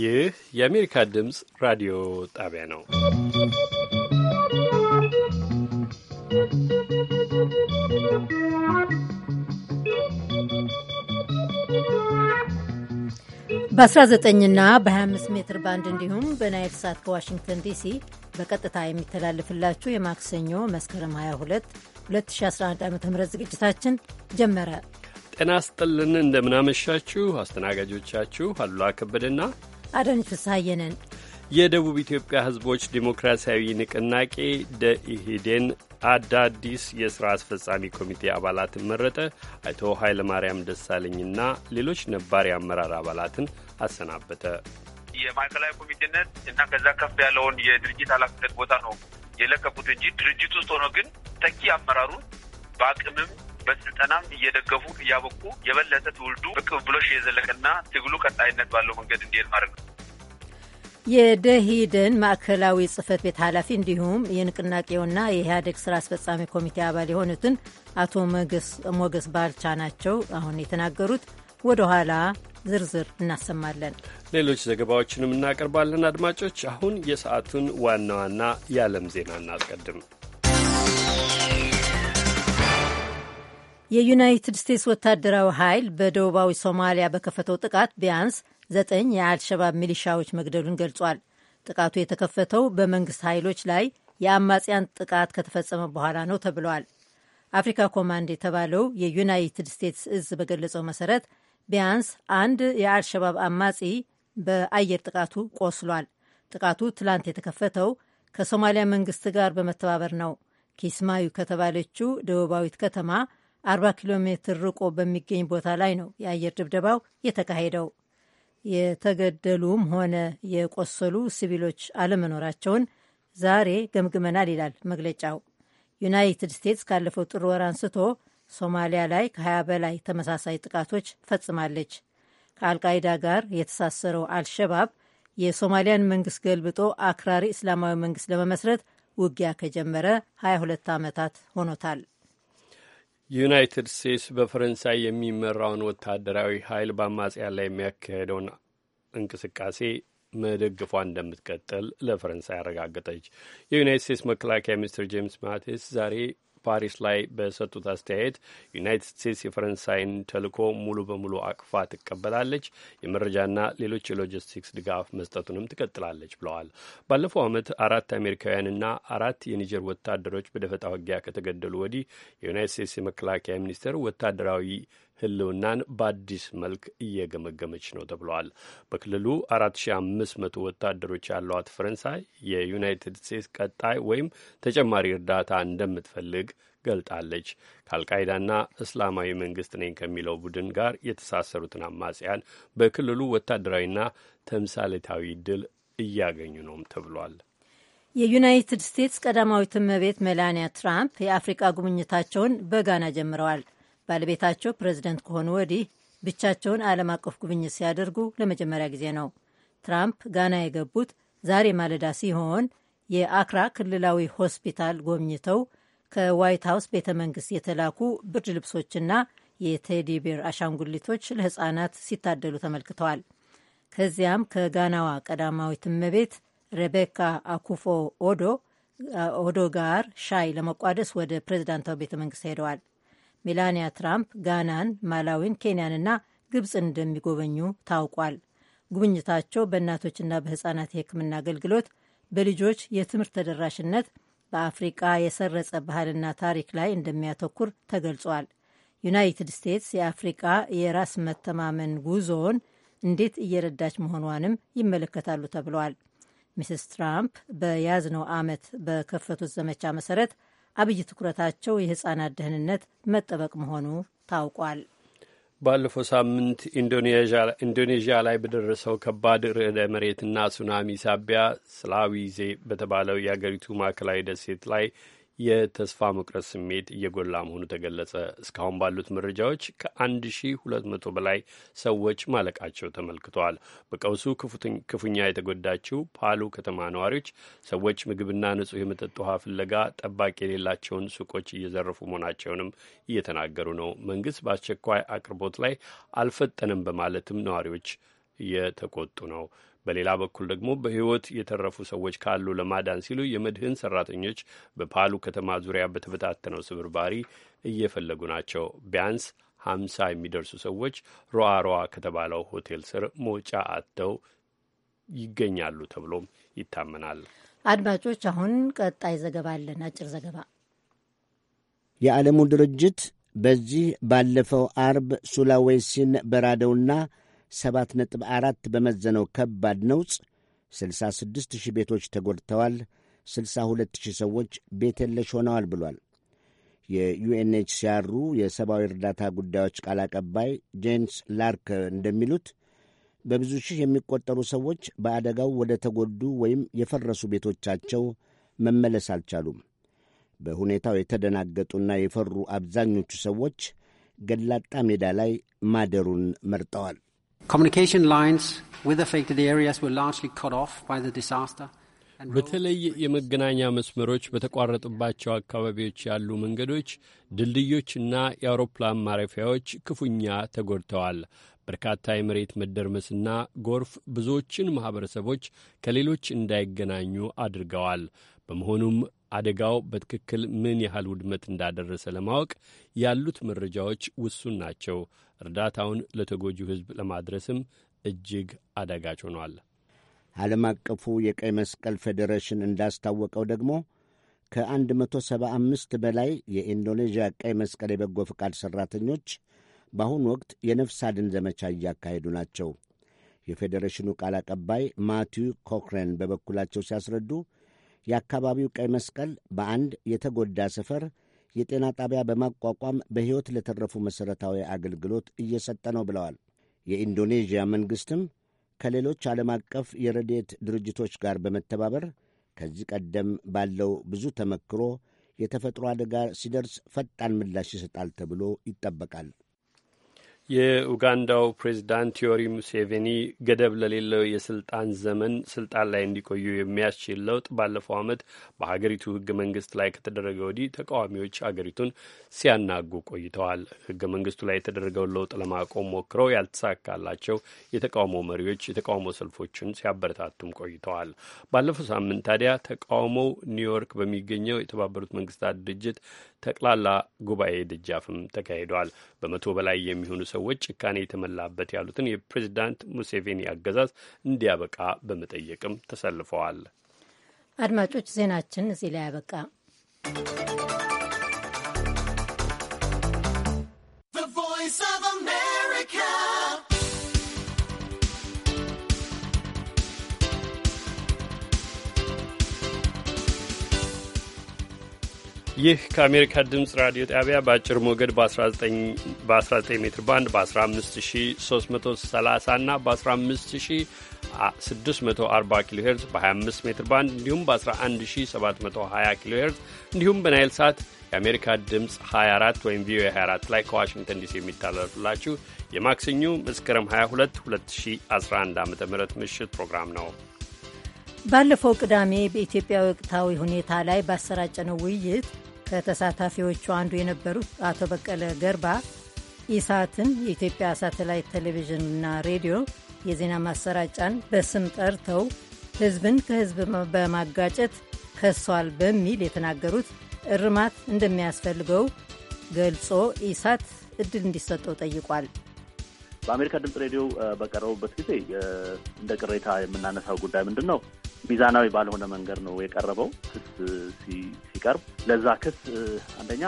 ይህ የአሜሪካ ድምፅ ራዲዮ ጣቢያ ነው። በ19ና በ25 ሜትር ባንድ እንዲሁም በናይል ሳት ከዋሽንግተን ዲሲ በቀጥታ የሚተላለፍላችሁ የማክሰኞ መስከረም 22 2011 ዓ ም ዝግጅታችን ጀመረ። ጤና ስጥልን እንደምናመሻችሁ። አስተናጋጆቻችሁ አሉላ ከበደና አዳኝ ፍስሐየንን የደቡብ ኢትዮጵያ ሕዝቦች ዴሞክራሲያዊ ንቅናቄ ደኢህዴን አዳዲስ የሥራ አስፈጻሚ ኮሚቴ አባላትን መረጠ። አቶ ኃይለማርያም ደሳለኝና ሌሎች ነባር የአመራር አባላትን አሰናበተ። የማዕከላዊ ኮሚቴነት እና ከዛ ከፍ ያለውን የድርጅት ኃላፊነት ቦታ ነው የለቀቁት እንጂ ድርጅት ውስጥ ሆኖ ግን ተኪ አመራሩን በአቅምም በስልጠናም እየደገፉ እያበቁ የበለጠ ትውልዱ ብሎሽ የዘለቀና ትግሉ ቀጣይነት ባለው መንገድ እንዲሄድ ማድረግ ነው። የደሂድን ማዕከላዊ ጽህፈት ቤት ኃላፊ እንዲሁም የንቅናቄውና የኢህአዴግ ስራ አስፈጻሚ ኮሚቴ አባል የሆኑትን አቶ ሞገስ ባልቻ ናቸው አሁን የተናገሩት። ወደ ኋላ ዝርዝር እናሰማለን። ሌሎች ዘገባዎችንም እናቀርባለን። አድማጮች፣ አሁን የሰዓቱን ዋና ዋና የዓለም ዜና እናስቀድም። የዩናይትድ ስቴትስ ወታደራዊ ኃይል በደቡባዊ ሶማሊያ በከፈተው ጥቃት ቢያንስ ዘጠኝ የአልሸባብ ሚሊሻዎች መግደሉን ገልጿል። ጥቃቱ የተከፈተው በመንግስት ኃይሎች ላይ የአማጽያን ጥቃት ከተፈጸመ በኋላ ነው ተብሏል። አፍሪካ ኮማንድ የተባለው የዩናይትድ ስቴትስ እዝ በገለጸው መሰረት ቢያንስ አንድ የአልሸባብ አማጺ በአየር ጥቃቱ ቆስሏል። ጥቃቱ ትላንት የተከፈተው ከሶማሊያ መንግስት ጋር በመተባበር ነው። ኪስማዩ ከተባለችው ደቡባዊት ከተማ 40 ኪሎ ሜትር ርቆ በሚገኝ ቦታ ላይ ነው የአየር ድብደባው የተካሄደው። የተገደሉም ሆነ የቆሰሉ ሲቪሎች አለመኖራቸውን ዛሬ ገምግመናል ይላል መግለጫው። ዩናይትድ ስቴትስ ካለፈው ጥር ወር አንስቶ ሶማሊያ ላይ ከ20 በላይ ተመሳሳይ ጥቃቶች ፈጽማለች። ከአልቃይዳ ጋር የተሳሰረው አልሸባብ የሶማሊያን መንግስት ገልብጦ አክራሪ እስላማዊ መንግስት ለመመስረት ውጊያ ከጀመረ 22 ዓመታት ሆኖታል። ዩናይትድ ስቴትስ በፈረንሳይ የሚመራውን ወታደራዊ ኃይል በአማጽያን ላይ የሚያካሄደውን እንቅስቃሴ መደግፏ እንደምትቀጥል ለፈረንሳይ አረጋገጠች። የዩናይትድ ስቴትስ መከላከያ ሚኒስትር ጄምስ ማቲስ ዛሬ ፓሪስ ላይ በሰጡት አስተያየት ዩናይትድ ስቴትስ የፈረንሳይን ተልዕኮ ሙሉ በሙሉ አቅፋ ትቀበላለች፣ የመረጃና ሌሎች የሎጂስቲክስ ድጋፍ መስጠቱንም ትቀጥላለች ብለዋል። ባለፈው ዓመት አራት አሜሪካውያንና አራት የኒጀር ወታደሮች በደፈጣ ውጊያ ከተገደሉ ወዲህ የዩናይትድ ስቴትስ የመከላከያ ሚኒስቴር ወታደራዊ ህልውናን በአዲስ መልክ እየገመገመች ነው ተብሏል። በክልሉ 4500 ወታደሮች ያሏት ፈረንሳይ የዩናይትድ ስቴትስ ቀጣይ ወይም ተጨማሪ እርዳታ እንደምትፈልግ ገልጣለች። ከአልቃይዳና እስላማዊ መንግስት ነኝ ከሚለው ቡድን ጋር የተሳሰሩትን አማጽያን በክልሉ ወታደራዊና ተምሳሌታዊ ድል እያገኙ ነውም ተብሏል። የዩናይትድ ስቴትስ ቀዳማዊት እመቤት ሜላንያ ትራምፕ የአፍሪቃ ጉብኝታቸውን በጋና ጀምረዋል። ባለቤታቸው ፕሬዚደንት ከሆኑ ወዲህ ብቻቸውን ዓለም አቀፍ ጉብኝት ሲያደርጉ ለመጀመሪያ ጊዜ ነው። ትራምፕ ጋና የገቡት ዛሬ ማለዳ ሲሆን የአክራ ክልላዊ ሆስፒታል ጎብኝተው ከዋይት ሀውስ ቤተ መንግስት የተላኩ ብርድ ልብሶችና የቴዲቤር አሻንጉሊቶች ለህፃናት ሲታደሉ ተመልክተዋል። ከዚያም ከጋናዋ ቀዳማዊት እመቤት ሬቤካ አኩፎ ኦዶ ኦዶ ጋር ሻይ ለመቋደስ ወደ ፕሬዝዳንታዊ ቤተ መንግስት ሄደዋል። ሜላኒያ ትራምፕ ጋናን፣ ማላዊን፣ ኬንያንና ግብፅን እንደሚጎበኙ ታውቋል። ጉብኝታቸው በእናቶችና በህፃናት የህክምና አገልግሎት፣ በልጆች የትምህርት ተደራሽነት፣ በአፍሪቃ የሰረጸ ባህልና ታሪክ ላይ እንደሚያተኩር ተገልጿል። ዩናይትድ ስቴትስ የአፍሪቃ የራስ መተማመን ጉዞውን እንዴት እየረዳች መሆኗንም ይመለከታሉ ተብለዋል። ሚስስ ትራምፕ በያዝነው ዓመት በከፈቱት ዘመቻ መሰረት አብይ ትኩረታቸው የህጻናት ደህንነት መጠበቅ መሆኑ ታውቋል። ባለፈው ሳምንት ኢንዶኔዥያ ላይ በደረሰው ከባድ ርዕደ መሬትና ሱናሚ ሳቢያ ስላዊዜ በተባለው የአገሪቱ ማዕከላዊ ደሴት ላይ የተስፋ መቁረጥ ስሜት እየጎላ መሆኑ ተገለጸ። እስካሁን ባሉት መረጃዎች ከ1200 በላይ ሰዎች ማለቃቸው ተመልክተዋል። በቀውሱ ክፉኛ የተጎዳችው ፓሉ ከተማ ነዋሪዎች ሰዎች ምግብና ንጹህ የመጠጥ ውሃ ፍለጋ ጠባቂ የሌላቸውን ሱቆች እየዘረፉ መሆናቸውንም እየተናገሩ ነው። መንግስት በአስቸኳይ አቅርቦት ላይ አልፈጠንም በማለትም ነዋሪዎች እየተቆጡ ነው። በሌላ በኩል ደግሞ በሕይወት የተረፉ ሰዎች ካሉ ለማዳን ሲሉ የመድህን ሰራተኞች በፓሉ ከተማ ዙሪያ በተበታተነው ስብርባሪ እየፈለጉ ናቸው። ቢያንስ ሀምሳ የሚደርሱ ሰዎች ሮአሮዋ ከተባለው ሆቴል ስር መውጫ አጥተው ይገኛሉ ተብሎም ይታመናል። አድማጮች፣ አሁን ቀጣይ ዘገባ አለን። አጭር ዘገባ የዓለሙ ድርጅት በዚህ ባለፈው አርብ ሱላዌሲን በራደውና 7.4 በመዘነው ከባድ ነውጥ 66 ሺህ ቤቶች ተጎድተዋል፣ 62 ሺህ ሰዎች ቤት የለሽ ሆነዋል ብሏል። የዩኤንኤችሲአሩ የሰብአዊ እርዳታ ጉዳዮች ቃል አቀባይ ጄምስ ላርክ እንደሚሉት በብዙ ሺህ የሚቆጠሩ ሰዎች በአደጋው ወደ ተጎዱ ወይም የፈረሱ ቤቶቻቸው መመለስ አልቻሉም። በሁኔታው የተደናገጡና የፈሩ አብዛኞቹ ሰዎች ገላጣ ሜዳ ላይ ማደሩን መርጠዋል። ኮሚኒኬሽን ላይንስ with affected areas were largely cut off by the disaster. በተለይ የመገናኛ መስመሮች በተቋረጡባቸው አካባቢዎች ያሉ መንገዶች፣ ድልድዮችና የአውሮፕላን ማረፊያዎች ክፉኛ ተጎድተዋል። በርካታ የመሬት መደርመስና ጎርፍ ብዙዎችን ማኅበረሰቦች ከሌሎች እንዳይገናኙ አድርገዋል። በመሆኑም አደጋው በትክክል ምን ያህል ውድመት እንዳደረሰ ለማወቅ ያሉት መረጃዎች ውሱን ናቸው። እርዳታውን ለተጎጂው ሕዝብ ለማድረስም እጅግ አዳጋች ሆኗል። ዓለም አቀፉ የቀይ መስቀል ፌዴሬሽን እንዳስታወቀው ደግሞ ከ175 በላይ የኢንዶኔዥያ ቀይ መስቀል የበጎ ፈቃድ ሠራተኞች በአሁኑ ወቅት የነፍስ አድን ዘመቻ እያካሄዱ ናቸው። የፌዴሬሽኑ ቃል አቀባይ ማቲው ኮክሬን በበኩላቸው ሲያስረዱ የአካባቢው ቀይ መስቀል በአንድ የተጎዳ ሰፈር የጤና ጣቢያ በማቋቋም በሕይወት ለተረፉ መሠረታዊ አገልግሎት እየሰጠ ነው ብለዋል። የኢንዶኔዥያ መንግሥትም ከሌሎች ዓለም አቀፍ የረድኤት ድርጅቶች ጋር በመተባበር ከዚህ ቀደም ባለው ብዙ ተመክሮ የተፈጥሮ አደጋ ሲደርስ ፈጣን ምላሽ ይሰጣል ተብሎ ይጠበቃል። የኡጋንዳው ፕሬዚዳንት ቲዮሪ ሙሴቬኒ ገደብ ለሌለው የስልጣን ዘመን ስልጣን ላይ እንዲቆዩ የሚያስችል ለውጥ ባለፈው ዓመት በሀገሪቱ ህገ መንግስት ላይ ከተደረገ ወዲህ ተቃዋሚዎች አገሪቱን ሲያናጉ ቆይተዋል። ህገ መንግስቱ ላይ የተደረገውን ለውጥ ለማቆም ሞክረው ያልተሳካላቸው የተቃውሞ መሪዎች የተቃውሞ ሰልፎችን ሲያበረታቱም ቆይተዋል። ባለፈው ሳምንት ታዲያ ተቃውሞው ኒውዮርክ በሚገኘው የተባበሩት መንግስታት ድርጅት ጠቅላላ ጉባኤ ደጃፍም ተካሂዷል። በመቶ በላይ የሚሆኑ ሰ ሰዎች ጭካኔ የተመላበት ያሉትን የፕሬዚዳንት ሙሴቬኒ አገዛዝ እንዲያበቃ በመጠየቅም ተሰልፈዋል። አድማጮች ዜናችን እዚህ ላይ ያበቃ። ይህ ከአሜሪካ ድምፅ ራዲዮ ጣቢያ በአጭር ሞገድ በ19 ሜትር ባንድ በ15330 እና በ15640 ኪሎ ሄርዝ በ25 ሜትር ባንድ እንዲሁም በ11720 ኪሎ ሄርዝ እንዲሁም በናይል ሳት የአሜሪካ ድምፅ 24 ወይም ቪኦኤ 24 ላይ ከዋሽንግተን ዲሲ የሚተላለፍላችሁ የማክሰኞ መስከረም 22 2011 ዓ ም ምሽት ፕሮግራም ነው። ባለፈው ቅዳሜ በኢትዮጵያ ወቅታዊ ሁኔታ ላይ ባሰራጨነው ውይይት ከተሳታፊዎቹ አንዱ የነበሩት አቶ በቀለ ገርባ ኢሳትን የኢትዮጵያ ሳተላይት ቴሌቪዥንና ሬዲዮ የዜና ማሰራጫን በስም ጠርተው ሕዝብን ከሕዝብ በማጋጨት ከሷል በሚል የተናገሩት እርማት እንደሚያስፈልገው ገልጾ ኢሳት እድል እንዲሰጠው ጠይቋል። በአሜሪካ ድምፅ ሬዲዮ በቀረቡበት ጊዜ እንደ ቅሬታ የምናነሳው ጉዳይ ምንድን ነው? ሚዛናዊ ባልሆነ መንገድ ነው የቀረበው ክስ ሲቀርብ። ለዛ ክስ አንደኛ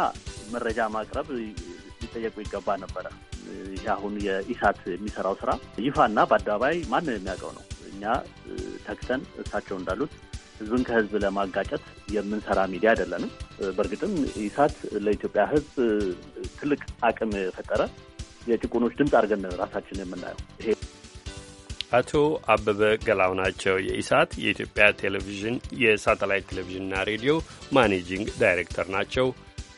መረጃ ማቅረብ ሊጠየቁ ይገባ ነበረ። ይህ አሁን የኢሳት የሚሰራው ስራ ይፋና በአደባባይ ማንም የሚያውቀው ነው። እኛ ተክተን እሳቸው እንዳሉት ህዝብን ከህዝብ ለማጋጨት የምንሰራ ሚዲያ አይደለንም። በእርግጥም ኢሳት ለኢትዮጵያ ህዝብ ትልቅ አቅም የፈጠረ የጭቁኖች ድምፅ አድርገን ራሳችን የምናየው ይሄ አቶ አበበ ገላው ናቸው። የኢሳት የኢትዮጵያ ቴሌቪዥን የሳተላይት ቴሌቪዥንና ሬዲዮ ማኔጂንግ ዳይሬክተር ናቸው።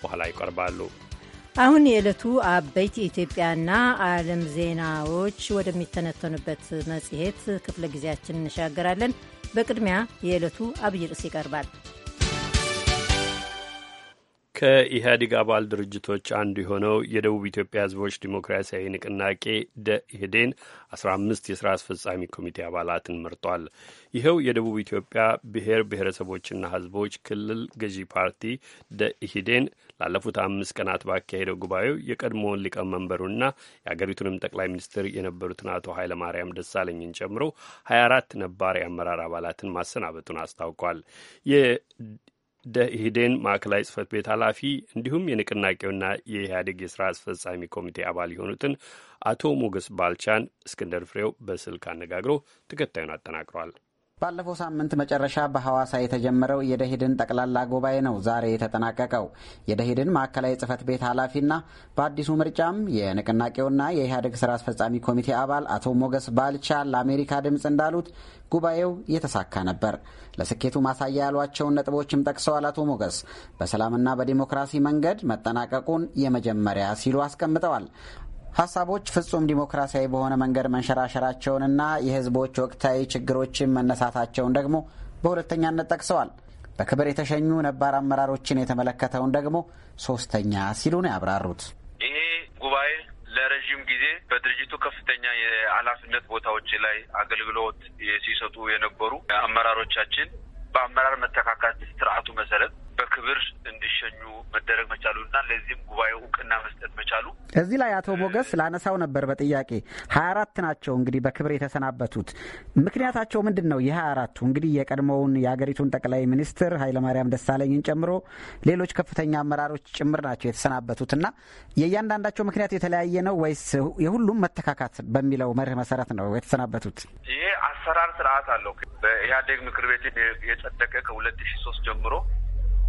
በኋላ ይቀርባሉ። አሁን የዕለቱ አበይት የኢትዮጵያና ዓለም ዜናዎች ወደሚተነተኑበት መጽሔት ክፍለ ጊዜያችን እንሻገራለን። በቅድሚያ የዕለቱ አብይ ርዕስ ይቀርባል። ከኢህአዴግ አባል ድርጅቶች አንዱ የሆነው የደቡብ ኢትዮጵያ ህዝቦች ዲሞክራሲያዊ ንቅናቄ ደኢህዴን አስራ አምስት የስራ አስፈጻሚ ኮሚቴ አባላትን መርጧል። ይኸው የደቡብ ኢትዮጵያ ብሔር ብሔረሰቦችና ህዝቦች ክልል ገዢ ፓርቲ ደኢህዴን ላለፉት አምስት ቀናት ባካሄደው ጉባኤው የቀድሞውን ሊቀመንበሩና የአገሪቱንም ጠቅላይ ሚኒስትር የነበሩትን አቶ ኃይለማርያም ደሳለኝን ጨምሮ ሀያ አራት ነባር የአመራር አባላትን ማሰናበቱን አስታውቋል። ደኢህዴን ማዕከላዊ ጽህፈት ቤት ኃላፊ እንዲሁም የንቅናቄውና የኢህአዴግ የስራ አስፈጻሚ ኮሚቴ አባል የሆኑትን አቶ ሞገስ ባልቻን እስክንደር ፍሬው በስልክ አነጋግሮ ተከታዩን አጠናቅሯል። ባለፈው ሳምንት መጨረሻ በሐዋሳ የተጀመረው የደሂድን ጠቅላላ ጉባኤ ነው ዛሬ የተጠናቀቀው። የደሂድን ማዕከላዊ ጽህፈት ቤት ኃላፊና በአዲሱ ምርጫም የንቅናቄውና የኢህአዴግ ስራ አስፈጻሚ ኮሚቴ አባል አቶ ሞገስ ባልቻ ለአሜሪካ ድምፅ እንዳሉት ጉባኤው የተሳካ ነበር። ለስኬቱ ማሳያ ያሏቸውን ነጥቦችም ጠቅሰዋል። አቶ ሞገስ በሰላምና በዲሞክራሲ መንገድ መጠናቀቁን የመጀመሪያ ሲሉ አስቀምጠዋል። ሀሳቦች ፍጹም ዲሞክራሲያዊ በሆነ መንገድ መንሸራሸራቸውንና የህዝቦች ወቅታዊ ችግሮችን መነሳታቸውን ደግሞ በሁለተኛነት ጠቅሰዋል። በክብር የተሸኙ ነባር አመራሮችን የተመለከተውን ደግሞ ሶስተኛ ሲሉ ነው ያብራሩት። ይሄ ጉባኤ ለረዥም ጊዜ በድርጅቱ ከፍተኛ የኃላፊነት ቦታዎች ላይ አገልግሎት ሲሰጡ የነበሩ አመራሮቻችን በአመራር መተካካት ስርዓቱ መሰረት በክብር እንዲሸኙ መደረግ መቻሉ እና ለዚህም ጉባኤው እውቅና መስጠት መቻሉ እዚህ ላይ አቶ ሞገስ ላነሳው ነበር በጥያቄ ሀያ አራት ናቸው እንግዲህ በክብር የተሰናበቱት ምክንያታቸው ምንድን ነው? የሀያ አራቱ እንግዲህ የቀድሞውን የሀገሪቱን ጠቅላይ ሚኒስትር ኃይለማርያም ደሳለኝን ጨምሮ ሌሎች ከፍተኛ አመራሮች ጭምር ናቸው የተሰናበቱት እና የእያንዳንዳቸው ምክንያት የተለያየ ነው ወይስ የሁሉም መተካካት በሚለው መርህ መሰረት ነው የተሰናበቱት? ይሄ አሰራር ስርዓት አለው። በኢህአዴግ ምክር ቤት የጸደቀ ከሁለት ሺ ሶስት ጀምሮ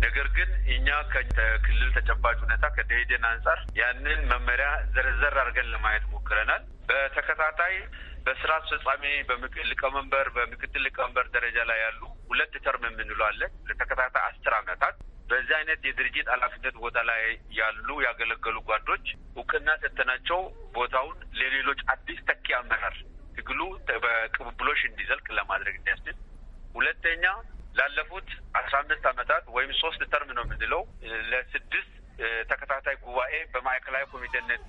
ነገር ግን እኛ ከክልል ተጨባጭ ሁኔታ ከደኢህዴን አንጻር ያንን መመሪያ ዘርዘር አድርገን ለማየት ሞክረናል። በተከታታይ በስራ አስፈጻሚ ሊቀመንበር፣ በምክትል ሊቀመንበር ደረጃ ላይ ያሉ ሁለት ተርም የምንለዋለን ለተከታታይ አስር አመታት በዚህ አይነት የድርጅት ኃላፊነት ቦታ ላይ ያሉ ያገለገሉ ጓዶች እውቅና ሰጥተናቸው ቦታውን ለሌሎች አዲስ ተኪ አመራር ትግሉ በቅብብሎሽ እንዲዘልቅ ለማድረግ እንዲያስችል ሁለተኛ ላለፉት አስራ አምስት ዓመታት ወይም ሶስት ተርም ነው የምንለው ለስድስት ተከታታይ ጉባኤ በማዕከላዊ ኮሚቴነት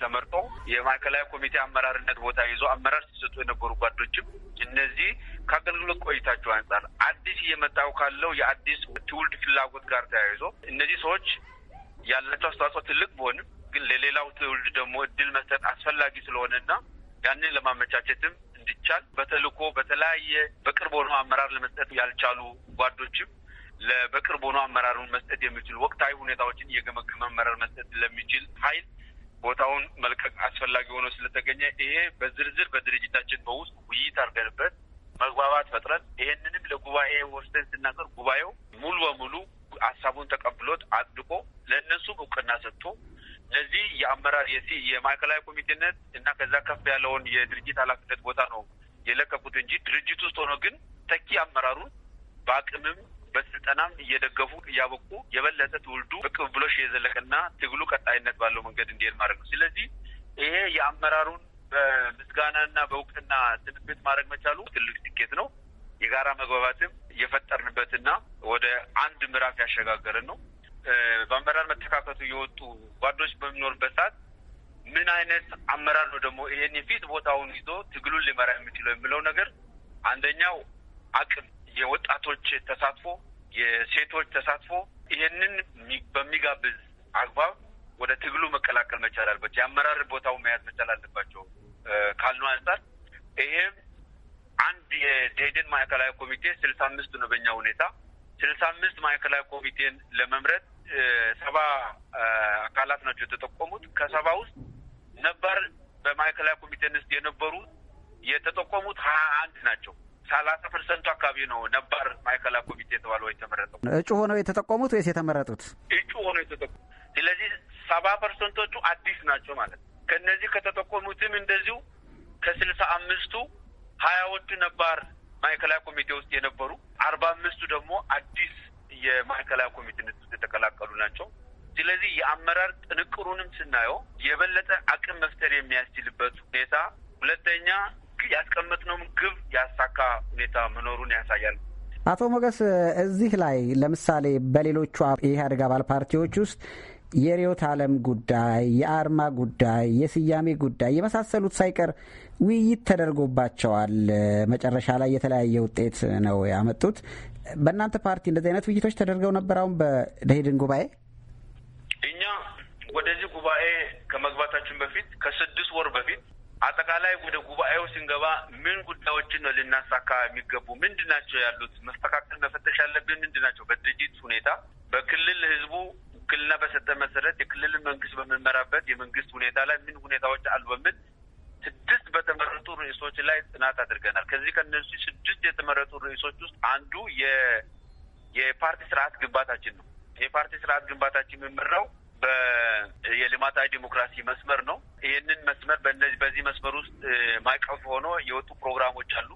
ተመርጦ የማዕከላዊ ኮሚቴ አመራርነት ቦታ ይዞ አመራር ሲሰጡ የነበሩ ጓዶችም እነዚህ ከአገልግሎት ቆይታቸው አንጻር አዲስ እየመጣው ካለው የአዲስ ትውልድ ፍላጎት ጋር ተያይዞ እነዚህ ሰዎች ያላቸው አስተዋጽኦ ትልቅ ቢሆንም ግን ለሌላው ትውልድ ደግሞ እድል መስጠት አስፈላጊ ስለሆነና ያንን ለማመቻቸትም እንዲቻል በተልእኮ በተለያየ በቅርብ ሆኖ አመራር ለመስጠት ያልቻሉ ጓዶችም በቅርብ ሆኖ አመራሩን መስጠት የሚችል ወቅታዊ ሁኔታዎችን እየገመገመ አመራር መስጠት ለሚችል ኃይል ቦታውን መልቀቅ አስፈላጊ ሆኖ ስለተገኘ ይሄ በዝርዝር በድርጅታችን በውስጥ ውይይት አድርገንበት መግባባት ፈጥረን ይሄንንም ለጉባኤ ወስደን ስናቀር ጉባኤው ሙሉ በሙሉ ሀሳቡን ተቀብሎት አጽድቆ ለእነሱም እውቅና ሰጥቶ ስለዚህ የአመራር የማዕከላዊ ኮሚቴነት እና ከዛ ከፍ ያለውን የድርጅት ኃላፊነት ቦታ ነው የለቀቁት እንጂ ድርጅት ውስጥ ሆኖ ግን ተኪ አመራሩን በአቅምም በስልጠናም እየደገፉ እያበቁ የበለጠ ትውልዱ ብሎሽ የዘለቀና ትግሉ ቀጣይነት ባለው መንገድ እንዲሄድ ማድረግ ነው። ስለዚህ ይሄ የአመራሩን በምስጋናና በእውቅና ትንብት ማድረግ መቻሉ ትልቅ ስኬት ነው። የጋራ መግባባትም የፈጠርንበትና ወደ አንድ ምዕራፍ ያሸጋገረን ነው። በአመራር መተካከቱ የወጡ ጓዶች በሚኖርበት ሰዓት ምን አይነት አመራር ነው ደግሞ ይህን የፊት ቦታውን ይዞ ትግሉን ሊመራ የሚችለው የሚለው ነገር አንደኛው አቅም፣ የወጣቶች ተሳትፎ፣ የሴቶች ተሳትፎ ይህንን በሚጋብዝ አግባብ ወደ ትግሉ መቀላቀል መቻል አለበት። የአመራር ቦታው መያዝ መቻል አለባቸው ካልነው አንጻር ይሄም አንድ የዴደን ማዕከላዊ ኮሚቴ ስልሳ አምስቱ ነው በኛ ሁኔታ ስልሳ አምስት ማዕከላዊ ኮሚቴን ለመምረጥ ሰባ አካላት ናቸው የተጠቆሙት። ከሰባ ውስጥ ነባር በማዕከላዊ ኮሚቴን ውስጥ የነበሩ የተጠቆሙት ሀያ አንድ ናቸው። ሰላሳ ፐርሰንቱ አካባቢ ነው ነባር ማዕከላዊ ኮሚቴ የተባለው የተመረጠው። እጩ ሆነው የተጠቆሙት ወይስ የተመረጡት? እጩ ሆነው የተጠቆሙት። ስለዚህ ሰባ ፐርሰንቶቹ አዲስ ናቸው ማለት ነው። ከእነዚህ ከተጠቆሙትም እንደዚሁ ከስልሳ አምስቱ ሀያዎቹ ነባር ማዕከላዊ ኮሚቴ ውስጥ የነበሩ፣ አርባ አምስቱ ደግሞ አዲስ የማዕከላዊ ኮሚቴን የተቀላቀሉ ናቸው። ስለዚህ የአመራር ጥንቅሩንም ስናየው የበለጠ አቅም መፍጠር የሚያስችልበት ሁኔታ፣ ሁለተኛ ያስቀመጥነውም ግብ ያሳካ ሁኔታ መኖሩን ያሳያል። አቶ ሞገስ እዚህ ላይ ለምሳሌ በሌሎቹ የኢህአዴግ አባል ፓርቲዎች ውስጥ የርዕዮተ ዓለም ጉዳይ፣ የአርማ ጉዳይ፣ የስያሜ ጉዳይ የመሳሰሉት ሳይቀር ውይይት ተደርጎባቸዋል። መጨረሻ ላይ የተለያየ ውጤት ነው ያመጡት። በእናንተ ፓርቲ እንደዚህ አይነት ውይይቶች ተደርገው ነበር? አሁን በደሄድን ጉባኤ እኛ ወደዚህ ጉባኤ ከመግባታችን በፊት ከስድስት ወር በፊት አጠቃላይ ወደ ጉባኤው ስንገባ ምን ጉዳዮችን ነው ልናሳካ የሚገቡ ምንድን ናቸው ያሉት መስተካከል መፈተሽ ያለብን ምንድን ናቸው? በድርጅት ሁኔታ በክልል ህዝቡ ውክልና በሰጠ መሰረት የክልል መንግስት በምንመራበት የመንግስት ሁኔታ ላይ ምን ሁኔታዎች አሉ በሚል ስድስት በተመረጡ ርዕሶች ላይ ጥናት አድርገናል። ከዚህ ከነዚህ ስድስት የተመረጡ ርዕሶች ውስጥ አንዱ የ የፓርቲ ስርዓት ግንባታችን ነው። የፓርቲ ስርዓት ግንባታችን የሚመራው የልማታዊ ዲሞክራሲ መስመር ነው። ይህንን መስመር በነዚህ በዚህ መስመር ውስጥ ማዕቀፍ ሆኖ የወጡ ፕሮግራሞች አሉ።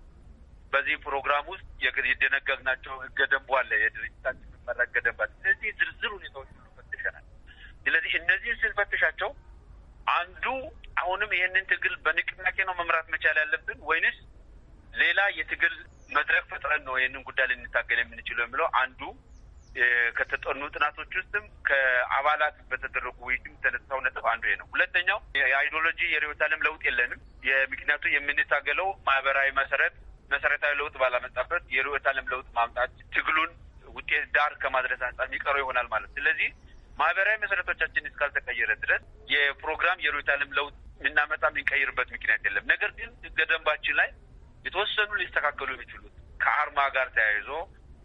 በዚህ ፕሮግራም ውስጥ የደነገግናቸው ህገ ደንቡ አለ። የድርጅታችን የሚመራ ህገ ደንብ አለ። ስለዚህ ዝርዝር ሁኔታዎች ፈትሸናል። ስለዚህ እነዚህን ስንፈትሻቸው አንዱ አሁንም ይህንን ትግል በንቅናቄ ነው መምራት መቻል ያለብን ወይንስ ሌላ የትግል መድረክ ፈጥረን ነው ይህንን ጉዳይ ልንታገል የምንችለው የሚለው አንዱ ከተጠኑ ጥናቶች ውስጥም ከአባላት በተደረጉ ውይይትም የተነሳው ነጥብ አንዱ ነው። ሁለተኛው የአይዲዮሎጂ የርዕዮተ ዓለም ለውጥ የለንም። ምክንያቱ የምንታገለው ማህበራዊ መሰረት መሰረታዊ ለውጥ ባላመጣበት የርዕዮተ ዓለም ለውጥ ማምጣት ትግሉን ውጤት ዳር ከማድረስ አንጻር የሚቀረው ይሆናል ማለት ስለዚህ ማህበራዊ መሰረቶቻችን እስካልተቀየረ ድረስ የፕሮግራም የርዕዮተ ዓለም ለውጥ የምናመጣ የምንቀይርበት ምክንያት የለም። ነገር ግን ህገ ደንባችን ላይ የተወሰኑ ሊስተካከሉ የሚችሉት ከአርማ ጋር ተያይዞ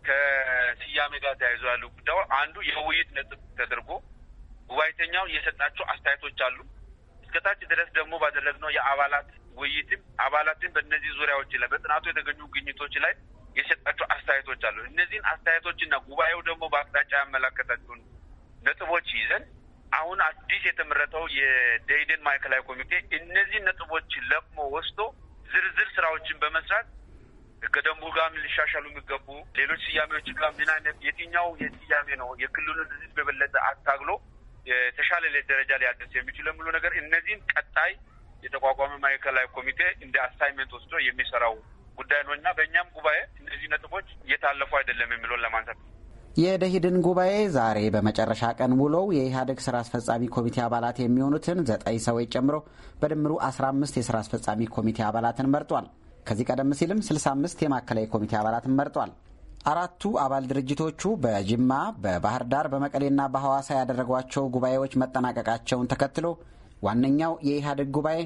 ከስያሜ ጋር ተያይዞ ያሉ ጉዳዮች አንዱ የውይይት ነጥብ ተደርጎ ጉባኤተኛው የሰጣቸው አስተያየቶች አሉ። እስከታች ድረስ ደግሞ ባደረግነው የአባላት ውይይትም አባላትን በእነዚህ ዙሪያዎች ላይ በጥናቱ የተገኙ ግኝቶች ላይ የሰጣቸው አስተያየቶች አሉ። እነዚህን አስተያየቶችና ጉባኤው ደግሞ በአቅጣጫ ያመላከታቸውን ነጥቦች ይዘን አሁን አዲስ የተመረጠው የደይደን ማዕከላዊ ኮሚቴ እነዚህ ነጥቦች ለቅሞ ወስዶ ዝርዝር ስራዎችን በመስራት ከደንቡ ጋም ሊሻሻሉ የሚገቡ ሌሎች ስያሜዎች ጋር ምን አይነት የትኛው የስያሜ ነው የክልሉን ህዝብ በበለጠ አታግሎ የተሻለ ደረጃ ሊያደርስ የሚችል የሚሉ ነገር እነዚህን ቀጣይ የተቋቋመ ማዕከላዊ ኮሚቴ እንደ አሳይንመንት ወስዶ የሚሰራው ጉዳይ ነው እና በእኛም ጉባኤ እነዚህ ነጥቦች እየታለፉ አይደለም የሚለውን ለማንሳት ነው። የደሂድን ጉባኤ ዛሬ በመጨረሻ ቀን ውሎው የኢህአዴግ ስራ አስፈጻሚ ኮሚቴ አባላት የሚሆኑትን ዘጠኝ ሰዎች ጨምሮ በድምሩ 15 የስራ አስፈጻሚ ኮሚቴ አባላትን መርጧል። ከዚህ ቀደም ሲልም 65 የማዕከላዊ ኮሚቴ አባላትን መርጧል። አራቱ አባል ድርጅቶቹ በጅማ፣ በባህር ዳር፣ በመቀሌና በሐዋሳ ያደረጓቸው ጉባኤዎች መጠናቀቃቸውን ተከትሎ ዋነኛው የኢህአዴግ ጉባኤ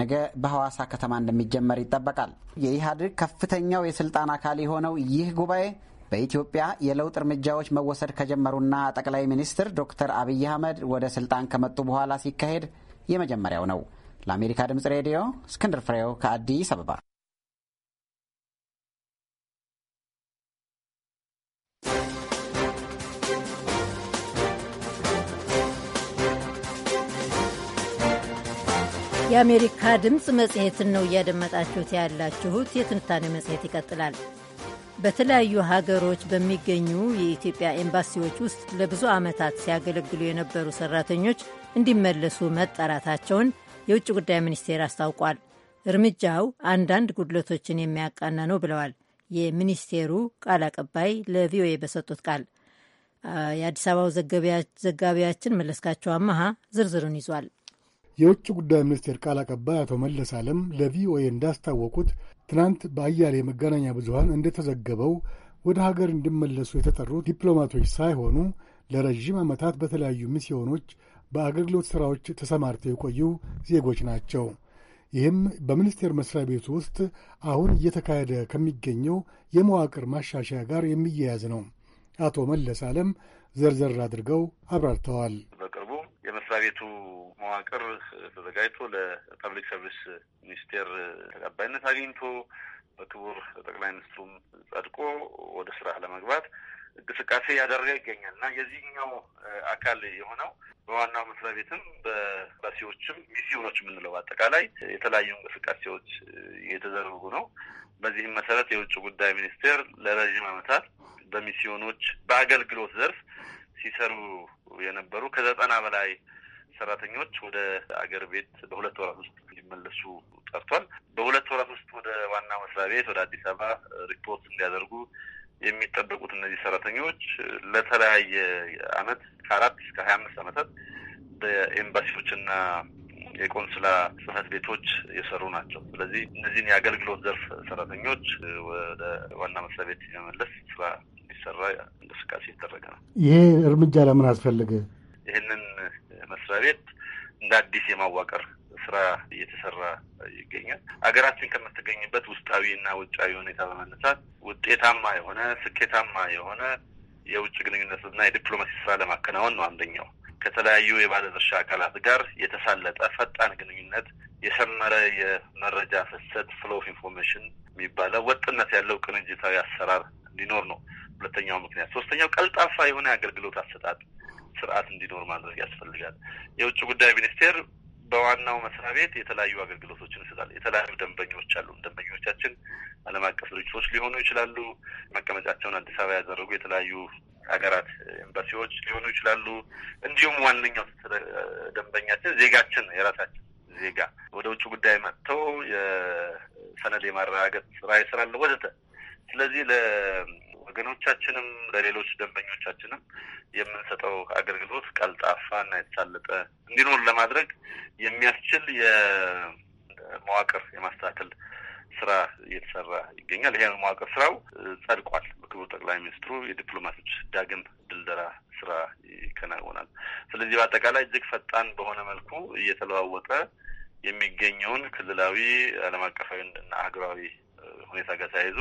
ነገ በሐዋሳ ከተማ እንደሚጀመር ይጠበቃል። የኢህአዴግ ከፍተኛው የስልጣን አካል የሆነው ይህ ጉባኤ በኢትዮጵያ የለውጥ እርምጃዎች መወሰድ ከጀመሩና ጠቅላይ ሚኒስትር ዶክተር አብይ አህመድ ወደ ስልጣን ከመጡ በኋላ ሲካሄድ የመጀመሪያው ነው። ለአሜሪካ ድምጽ ሬዲዮ እስክንድር ፍሬው ከአዲስ አበባ። የአሜሪካ ድምፅ መጽሔትን ነው እያደመጣችሁት ያላችሁት። የትንታኔ መጽሔት ይቀጥላል። በተለያዩ ሀገሮች በሚገኙ የኢትዮጵያ ኤምባሲዎች ውስጥ ለብዙ ዓመታት ሲያገለግሉ የነበሩ ሰራተኞች እንዲመለሱ መጠራታቸውን የውጭ ጉዳይ ሚኒስቴር አስታውቋል። እርምጃው አንዳንድ ጉድለቶችን የሚያቃና ነው ብለዋል የሚኒስቴሩ ቃል አቀባይ ለቪኦኤ በሰጡት ቃል። የአዲስ አበባው ዘጋቢያችን መለስካቸው አመሃ ዝርዝሩን ይዟል። የውጭ ጉዳይ ሚኒስቴር ቃል አቀባይ አቶ መለስ ዓለም ለቪኦኤ እንዳስታወቁት ትናንት በአያሌ የመገናኛ ብዙሀን እንደተዘገበው ወደ ሀገር እንዲመለሱ የተጠሩ ዲፕሎማቶች ሳይሆኑ ለረዥም ዓመታት በተለያዩ ሚስዮኖች በአገልግሎት ሥራዎች ተሰማርተው የቆዩ ዜጎች ናቸው። ይህም በሚኒስቴር መስሪያ ቤቱ ውስጥ አሁን እየተካሄደ ከሚገኘው የመዋቅር ማሻሻያ ጋር የሚያያዝ ነው። አቶ መለስ ዓለም ዘርዘር አድርገው አብራርተዋል። የመስሪያ ቤቱ መዋቅር ተዘጋጅቶ ለፐብሊክ ሰርቪስ ሚኒስቴር ተቀባይነት አግኝቶ በክቡር ጠቅላይ ሚኒስትሩም ጸድቆ ወደ ስራ ለመግባት እንቅስቃሴ እያደረገ ይገኛል እና የዚህኛው አካል የሆነው በዋናው መስሪያ ቤትም በባሲዎችም ሚስዮኖች የምንለው አጠቃላይ የተለያዩ እንቅስቃሴዎች እየተዘረጉ ነው። በዚህም መሰረት የውጭ ጉዳይ ሚኒስቴር ለረዥም ዓመታት በሚስዮኖች በአገልግሎት ዘርፍ ሲሰሩ የነበሩ ከዘጠና በላይ ሰራተኞች ወደ አገር ቤት በሁለት ወራት ውስጥ እንዲመለሱ ጠርቷል። በሁለት ወራት ውስጥ ወደ ዋና መስሪያ ቤት ወደ አዲስ አበባ ሪፖርት እንዲያደርጉ የሚጠበቁት እነዚህ ሰራተኞች ለተለያየ አመት ከአራት እስከ ሀያ አምስት አመታት በኤምባሲዎችና የቆንስላ ጽህፈት ቤቶች የሰሩ ናቸው። ስለዚህ እነዚህን የአገልግሎት ዘርፍ ሰራተኞች ወደ ዋና መስሪያ ቤት የመመለስ ስራ እንዲሰራ እንቅስቃሴ የተደረገ ነው። ይሄ እርምጃ ለምን አስፈልገ ይህንን መስሪያ ቤት እንደ አዲስ የማዋቀር ስራ እየተሰራ ይገኛል። ሀገራችን ከምትገኝበት ውስጣዊ እና ውጫዊ ሁኔታ በመነሳት ውጤታማ የሆነ ስኬታማ የሆነ የውጭ ግንኙነትና የዲፕሎማሲ ስራ ለማከናወን ነው። አንደኛው ከተለያዩ የባለድርሻ አካላት ጋር የተሳለጠ ፈጣን ግንኙነት፣ የሰመረ የመረጃ ፍሰት ፍሎ ኦፍ ኢንፎርሜሽን የሚባለው ወጥነት ያለው ቅንጅታዊ አሰራር እንዲኖር ነው። ሁለተኛው ምክንያት። ሶስተኛው ቀልጣፋ የሆነ አገልግሎት አሰጣጥ ስርዓት እንዲኖር ማድረግ ያስፈልጋል። የውጭ ጉዳይ ሚኒስቴር በዋናው መስሪያ ቤት የተለያዩ አገልግሎቶችን ይሰጣል። የተለያዩ ደንበኞች አሉ። ደንበኞቻችን ዓለም አቀፍ ድርጅቶች ሊሆኑ ይችላሉ። መቀመጫቸውን አዲስ አበባ ያደረጉ የተለያዩ ሀገራት ኤምባሲዎች ሊሆኑ ይችላሉ። እንዲሁም ዋነኛው ደንበኛችን ዜጋችን የራሳችን ዜጋ ወደ ውጭ ጉዳይ መጥተው የሰነድ የማረጋገጥ ስራ ይስራል ወዘተ። ስለዚህ ለወገኖቻችንም ለሌሎች ደንበኞቻችንም የምንሰጠው አገልግሎት ቀልጣፋ እና የተሳለጠ እንዲኖር ለማድረግ የሚያስችል የመዋቅር የማስተካከል ስራ እየተሰራ ይገኛል። ይሄ መዋቅር ስራው ጸድቋል። በክቡር ጠቅላይ ሚኒስትሩ የዲፕሎማቶች ዳግም ድልደራ ስራ ይከናወናል። ስለዚህ በአጠቃላይ እጅግ ፈጣን በሆነ መልኩ እየተለዋወጠ የሚገኘውን ክልላዊ፣ ዓለም አቀፋዊ እና ሀገራዊ ሁኔታ ጋር ተያይዞ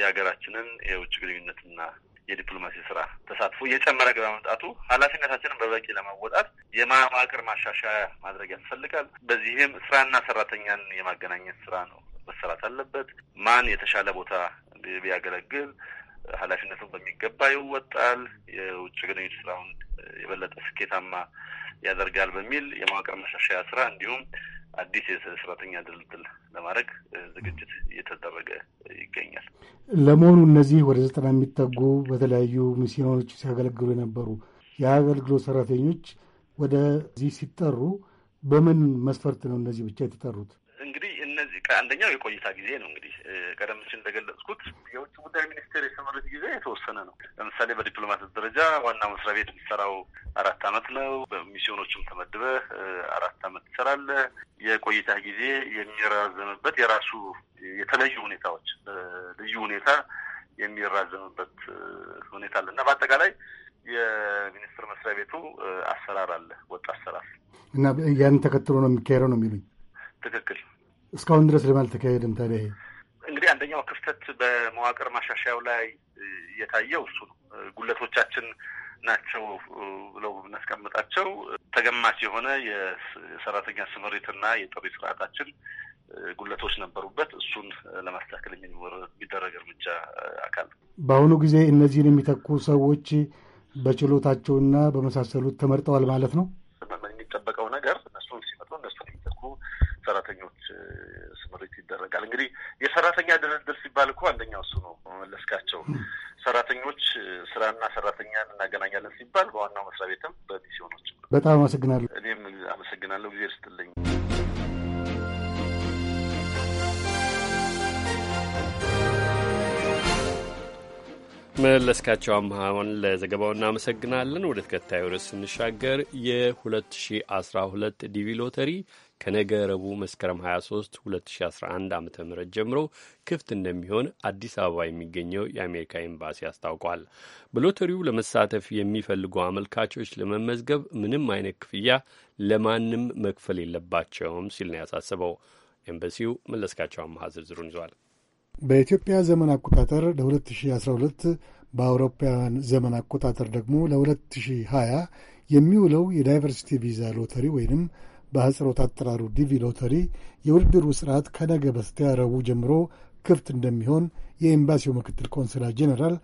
የሀገራችንን የውጭ ግንኙነትና የዲፕሎማሲ ስራ ተሳትፎ እየጨመረ በመምጣቱ ኃላፊነታችንን በበቂ ለማወጣት የመዋቅር ማሻሻያ ማድረግ ያስፈልጋል። በዚህም ስራና ሰራተኛን የማገናኘት ስራ ነው መሰራት አለበት። ማን የተሻለ ቦታ ቢያገለግል ኃላፊነቱን በሚገባ ይወጣል፣ የውጭ ግንኙነት ስራውን የበለጠ ስኬታማ ያደርጋል በሚል የመዋቅር ማሻሻያ ስራ እንዲሁም አዲስ የሰራተኛ ድልድል ለማድረግ ዝግጅት እየተደረገ ይገኛል። ለመሆኑ እነዚህ ወደ ዘጠና የሚጠጉ በተለያዩ ሚስዮኖች ሲያገለግሉ የነበሩ የአገልግሎት ሰራተኞች ወደዚህ ሲጠሩ በምን መስፈርት ነው እነዚህ ብቻ የተጠሩት? እንግዲህ እነዚህ አንደኛው የቆይታ ጊዜ ነው። እንግዲህ ቀደም ሲል እንደገለጽኩት የውጭ ጉዳይ ሚኒስቴር የሰመረት ጊዜ የተወሰነ ነው። ለምሳሌ በዲፕሎማት ደረጃ ዋና መስሪያ ቤት የሚሰራው አራት አመት ነው። በሚስዮኖችም ተመድበህ አራት አመት ትሰራለህ። የቆይታ ጊዜ የሚራዘምበት የራሱ የተለዩ ሁኔታዎች ልዩ ሁኔታ የሚራዘምበት ሁኔታ አለ እና በአጠቃላይ የሚኒስትር መስሪያ ቤቱ አሰራር አለ፣ ወጥ አሰራር እና ያን ተከትሎ ነው የሚካሄደው ነው የሚሉኝ። ትክክል። እስካሁን ድረስ ለምን አልተካሄደም ታዲያ? ይሄ እንግዲህ አንደኛው ክፍተት በመዋቅር ማሻሻያው ላይ የታየው እሱ ነው። ጉለቶቻችን ናቸው ብለው ብናስቀምጣቸው ተገማች የሆነ የሰራተኛ ስምሪትና የጥሪ ስርዓታችን ጉለቶች ነበሩበት። እሱን ለማስተካከል የሚደረግ እርምጃ አካል በአሁኑ ጊዜ እነዚህን የሚተኩ ሰዎች በችሎታቸውና በመሳሰሉት ተመርጠዋል ማለት ነው። የሚጠበቀው ነገር የሰራተኞች ስምሪት ይደረጋል። እንግዲህ የሰራተኛ ድርድር ሲባል እኮ አንደኛው እሱ ነው። መመለስካቸው ሰራተኞች ስራና ሰራተኛን እናገናኛለን ሲባል በዋናው መስሪያ ቤትም በሚስዮኖች። በጣም አመሰግናለሁ። እኔም አመሰግናለሁ። ጊዜ ስትልኝ መለስካቸው አምሃን ለዘገባው እናመሰግናለን። ወደ ተከታዩ ርዕስ ስንሻገር የ2012 ዲቪ ሎተሪ ከነገ ረቡዕ መስከረም 23 2011 ዓ ም ጀምሮ ክፍት እንደሚሆን አዲስ አበባ የሚገኘው የአሜሪካ ኤምባሲ አስታውቋል። በሎተሪው ለመሳተፍ የሚፈልጉ አመልካቾች ለመመዝገብ ምንም አይነት ክፍያ ለማንም መክፈል የለባቸውም ሲል ነው ያሳስበው። ኤምባሲው መለስካቸው አማሃ ዝርዝሩን ይዟል። በኢትዮጵያ ዘመን አቆጣጠር ለ2012 በአውሮፓውያን ዘመን አቆጣጠር ደግሞ ለ2020 የሚውለው የዳይቨርሲቲ ቪዛ ሎተሪ ወይንም በአጽሮት አጠራሩ ዲቪ ሎተሪ የውድድሩ ስርዓት ከነገ በስቲያ ረቡዕ ጀምሮ ክፍት እንደሚሆን የኤምባሲው ምክትል ኮንስላ ጄኔራል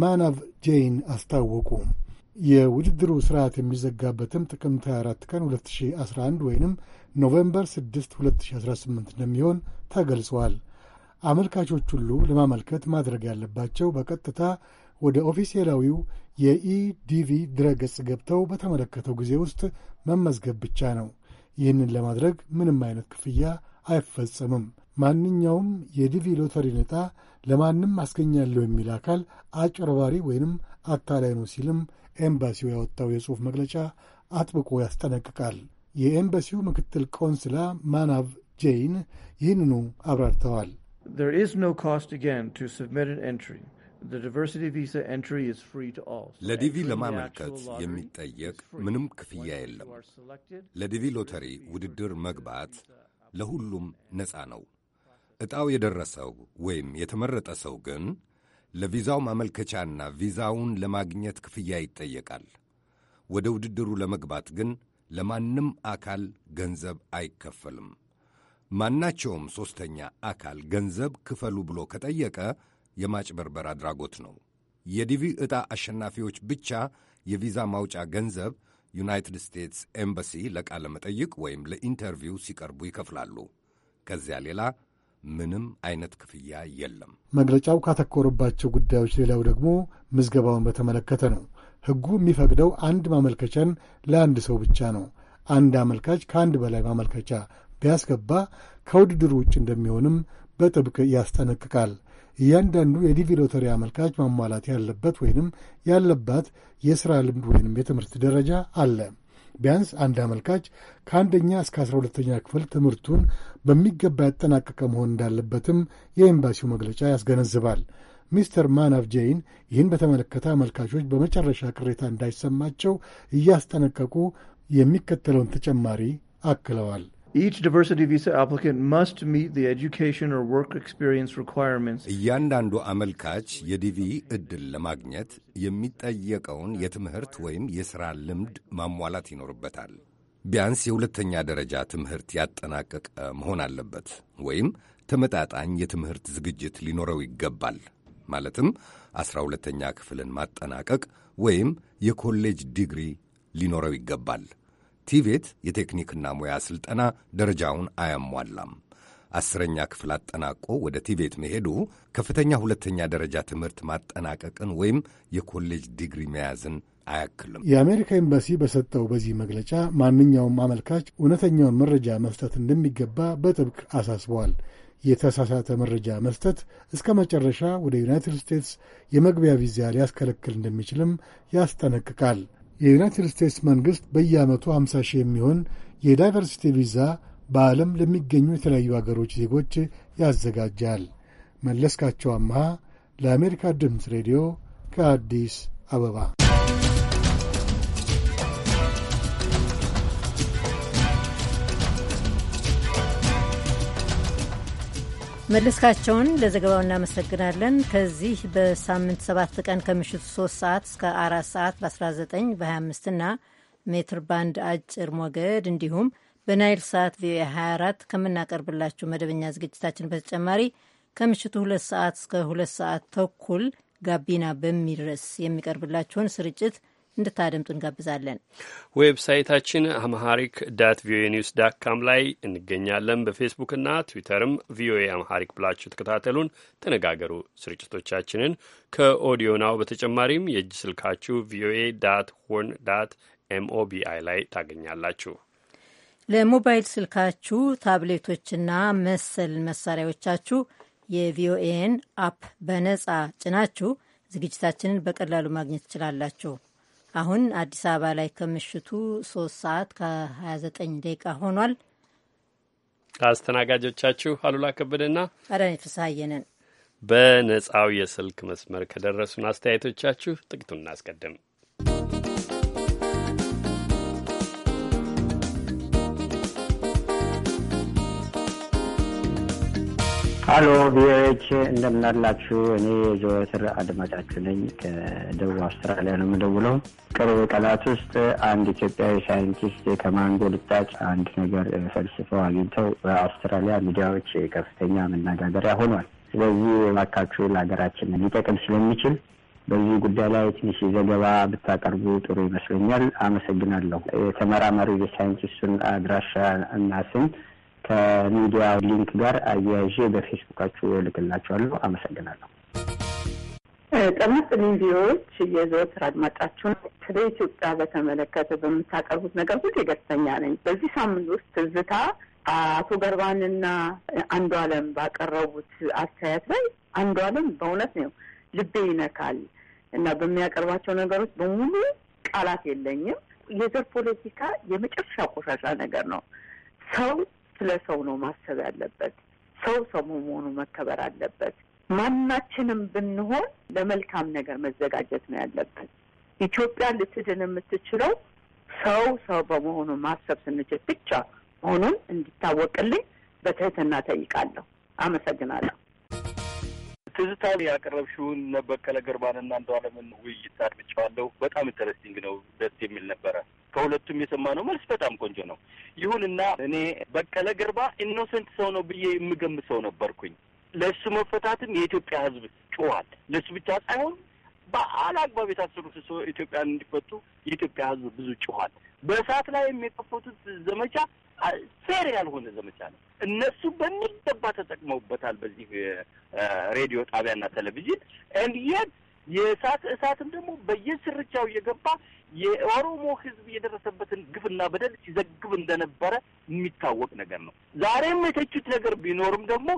ማናቭ ጄይን አስታወቁ። የውድድሩ ስርዓት የሚዘጋበትም ጥቅምት 24 ቀን 2011 ወይም ኖቬምበር 6 2018 እንደሚሆን ተገልጿል። አመልካቾች ሁሉ ለማመልከት ማድረግ ያለባቸው በቀጥታ ወደ ኦፊሴላዊው የኢዲቪ ድረገጽ ገብተው በተመለከተው ጊዜ ውስጥ መመዝገብ ብቻ ነው። ይህንን ለማድረግ ምንም አይነት ክፍያ አይፈጸምም። ማንኛውም የዲቪ ሎተሪ ነጣ ለማንም አስገኛለሁ የሚል አካል አጭበርባሪ ወይንም አታላይ ነው ሲልም ኤምባሲው ያወጣው የጽሑፍ መግለጫ አጥብቆ ያስጠነቅቃል። የኤምባሲው ምክትል ቆንስላ ማናቭ ጄይን ይህንኑ አብራርተዋል። There is no cost again to submit an entry. ለዲቪ ለማመልከት የሚጠየቅ ምንም ክፍያ የለም። ለዲቪ ሎተሪ ውድድር መግባት uh, ለሁሉም ነፃ ነው። ዕጣው የደረሰው ወይም የተመረጠ ሰው ግን ለቪዛው ማመልከቻና ቪዛውን ለማግኘት ክፍያ ይጠየቃል። ወደ ውድድሩ ለመግባት ግን ለማንም አካል ገንዘብ አይከፈልም። ማናቸውም ሦስተኛ አካል ገንዘብ ክፈሉ ብሎ ከጠየቀ የማጭበርበር አድራጎት ነው። የዲቪ ዕጣ አሸናፊዎች ብቻ የቪዛ ማውጫ ገንዘብ ዩናይትድ ስቴትስ ኤምባሲ ለቃለ መጠይቅ ወይም ለኢንተርቪው ሲቀርቡ ይከፍላሉ። ከዚያ ሌላ ምንም አይነት ክፍያ የለም። መግለጫው ካተኮረባቸው ጉዳዮች ሌላው ደግሞ ምዝገባውን በተመለከተ ነው። ሕጉ የሚፈቅደው አንድ ማመልከቻን ለአንድ ሰው ብቻ ነው። አንድ አመልካች ከአንድ በላይ ማመልከቻ ቢያስገባ ከውድድሩ ውጭ እንደሚሆንም በጥብቅ ያስጠነቅቃል። እያንዳንዱ የዲቪ ሎተሪ አመልካች ማሟላት ያለበት ወይንም ያለባት የሥራ ልምድ ወይንም የትምህርት ደረጃ አለ። ቢያንስ አንድ አመልካች ከአንደኛ እስከ አስራ ሁለተኛ ክፍል ትምህርቱን በሚገባ ያጠናቀቀ መሆን እንዳለበትም የኤምባሲው መግለጫ ያስገነዝባል። ሚስተር ማናፍ ጄይን ይህን በተመለከተ አመልካቾች በመጨረሻ ቅሬታ እንዳይሰማቸው እያስጠነቀቁ የሚከተለውን ተጨማሪ አክለዋል። እያንዳንዱ አመልካች የዲቪ እድል ለማግኘት የሚጠየቀውን የትምህርት ወይም የሥራ ልምድ ማሟላት ይኖርበታል። ቢያንስ የሁለተኛ ደረጃ ትምህርት ያጠናቀቀ መሆን አለበት ወይም ተመጣጣኝ የትምህርት ዝግጅት ሊኖረው ይገባል። ማለትም ዐሥራ ሁለተኛ ክፍልን ማጠናቀቅ ወይም የኮሌጅ ዲግሪ ሊኖረው ይገባል። ቲቬት የቴክኒክና ሙያ ሥልጠና ደረጃውን አያሟላም። አስረኛ ክፍል አጠናቆ ወደ ቲቬት መሄዱ ከፍተኛ ሁለተኛ ደረጃ ትምህርት ማጠናቀቅን ወይም የኮሌጅ ዲግሪ መያዝን አያክልም። የአሜሪካ ኤምባሲ በሰጠው በዚህ መግለጫ ማንኛውም አመልካች እውነተኛውን መረጃ መስጠት እንደሚገባ በጥብቅ አሳስበዋል። የተሳሳተ መረጃ መስጠት እስከ መጨረሻ ወደ ዩናይትድ ስቴትስ የመግቢያ ቪዛ ሊያስከለክል እንደሚችልም ያስጠነቅቃል። የዩናይትድ ስቴትስ መንግሥት በየዓመቱ 50 ሺህ የሚሆን የዳይቨርሲቲ ቪዛ በዓለም ለሚገኙ የተለያዩ አገሮች ዜጎች ያዘጋጃል። መለስካቸው አምሃ ለአሜሪካ ድምፅ ሬዲዮ ከአዲስ አበባ መለስካቸውን ለዘገባው እናመሰግናለን። ከዚህ በሳምንት ሰባት ቀን ከምሽቱ 3 ሰዓት እስከ 4 ሰዓት በ19 በ25 ና ሜትር ባንድ አጭር ሞገድ እንዲሁም በናይል ሰዓት ቪኦኤ 24 ከምናቀርብላችሁ መደበኛ ዝግጅታችን በተጨማሪ ከምሽቱ 2 ሰዓት እስከ 2 ሰዓት ተኩል ጋቢና በሚል ርዕስ የሚቀርብላችሁን ስርጭት እንድታደምጡ እንጋብዛለን። ዌብሳይታችን አምሃሪክ ዳት ቪኦኤ ኒውስ ዳት ካም ላይ እንገኛለን። በፌስቡክና ትዊተርም ቪኦኤ አምሃሪክ ብላችሁ ተከታተሉን፣ ተነጋገሩ። ስርጭቶቻችንን ከኦዲዮ ናው በተጨማሪም የእጅ ስልካችሁ ቪኦኤ ዳት ሆርን ዳት ኤምኦቢአይ ላይ ታገኛላችሁ። ለሞባይል ስልካችሁ ታብሌቶችና መሰል መሳሪያዎቻችሁ የቪኦኤን አፕ በነጻ ጭናችሁ ዝግጅታችንን በቀላሉ ማግኘት ትችላላችሁ። አሁን አዲስ አበባ ላይ ከምሽቱ 3 ሰዓት ከ29 ደቂቃ ሆኗል። አስተናጋጆቻችሁ አሉላ ከበደና አዳነች ፍስሐዬ ነን። በነጻው የስልክ መስመር ከደረሱን አስተያየቶቻችሁ ጥቂቱን እናስቀድም። አሎ ቪኦኤች እንደምናላችሁ። እኔ የዘወትር አድማጫችሁ ነኝ። ከደቡብ አውስትራሊያ ነው የምደውለው። ቅርብ ቀናት ውስጥ አንድ ኢትዮጵያዊ ሳይንቲስት ከማንጎ ልጣጭ አንድ ነገር ፈልስፈው አግኝተው በአውስትራሊያ ሚዲያዎች ከፍተኛ መነጋገሪያ ሆኗል። ስለዚህ የባካችሁ ለሀገራችን ሊጠቅም ስለሚችል በዚህ ጉዳይ ላይ ትንሽ ዘገባ ብታቀርቡ ጥሩ ይመስለኛል። አመሰግናለሁ። የተመራማሪ ሳይንቲስቱን አድራሻ እና ስም ከሚዲያ ሊንክ ጋር አያያዤ በፌስቡካችሁ እልክላችኋለሁ። አመሰግናለሁ። ጤና ይስጥልኝ የዘወትር አድማጫችሁ ስለ ኢትዮጵያ በተመለከተ በምታቀርቡት ነገር ሁሉ ደስተኛ ነኝ። በዚህ ሳምንት ውስጥ ትዝታ አቶ ገርባንና አንዱ አለም ባቀረቡት አስተያየት ላይ አንዱ አለም በእውነት ነው ልቤ ይነካል እና በሚያቀርባቸው ነገሮች በሙሉ ቃላት የለኝም። የዘር ፖለቲካ የመጨረሻ ቆሻሻ ነገር ነው። ሰው ስለ ሰው ነው ማሰብ ያለበት። ሰው ሰው መሆኑ መከበር አለበት። ማናችንም ብንሆን ለመልካም ነገር መዘጋጀት ነው ያለበት። ኢትዮጵያ ልትድን የምትችለው ሰው ሰው በመሆኑ ማሰብ ስንችል ብቻ መሆኑን እንዲታወቅልኝ በትህትና ጠይቃለሁ። አመሰግናለሁ። ትዝታ ያቀረብሽውን እና እንደ አለምን ውይይት አድምጫዋለሁ። በጣም ኢንተረስቲንግ ነው፣ ደስ የሚል ነበረ። ከሁለቱም የሰማነው መልስ በጣም ቆንጆ ነው። ይሁንና እኔ በቀለ ገርባ ኢኖሰንት ሰው ነው ብዬ የምገምት ሰው ነበርኩኝ። ለእሱ መፈታትም የኢትዮጵያ ሕዝብ ጮኋል። ለእሱ ብቻ ሳይሆን በአል አግባብ የታሰሩት ሰው ኢትዮጵያን እንዲፈቱ የኢትዮጵያ ሕዝብ ብዙ ጩኋል። በእሳት ላይ የሚከፈቱት ዘመቻ ፌር ያልሆነ ዘመቻ ነው። እነሱ በሚገባ ተጠቅመውበታል በዚህ ሬዲዮ ጣቢያና ቴሌቪዥን እንየት የእሳት እሳትም ደግሞ በየስርቻው እየገባ የኦሮሞ ሕዝብ የደረሰበትን ግፍና በደል ሲዘግብ እንደነበረ የሚታወቅ ነገር ነው። ዛሬም የተቹት ነገር ቢኖርም ደግሞ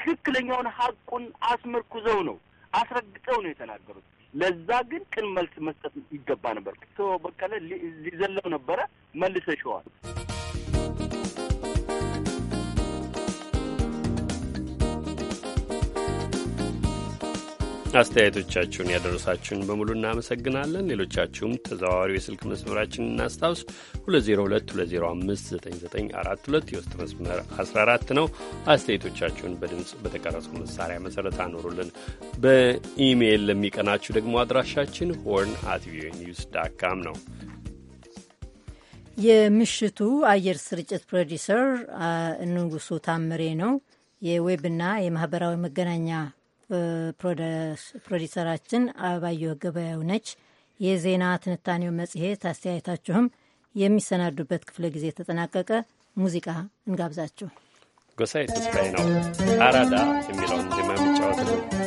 ትክክለኛውን ሀቁን አስመርኩዘው ነው አስረግጠው ነው የተናገሩት። ለዛ ግን ቅን መልስ መስጠት ይገባ ነበር። በቀለ ሊዘለው ነበረ መልሰሸዋል። አስተያየቶቻችሁን ያደረሳችሁን በሙሉ እናመሰግናለን። ሌሎቻችሁም ተዘዋዋሪ የስልክ መስመራችን እናስታውስ፣ 2022059942 የውስጥ መስመር 14 ነው። አስተያየቶቻችሁን በድምፅ በተቀረጹ መሳሪያ መሰረት አኖሩልን። በኢሜይል ለሚቀናችሁ ደግሞ አድራሻችን ሆርን አት ቪኦኤ ኒውስ ዳት ካም ነው። የምሽቱ አየር ስርጭት ፕሮዲሰር ንጉሱ ታምሬ ነው። የዌብና የማህበራዊ መገናኛ ፕሮዲሰራችን አበባየሁ ገበያው ነች። የዜና ትንታኔው መጽሔት አስተያየታችሁም የሚሰናዱበት ክፍለ ጊዜ ተጠናቀቀ። ሙዚቃ እንጋብዛችሁ። ጎሳዬ ተስፋዬ ነው አራዳ የሚለውን ዜማ የሚጫወት ነው።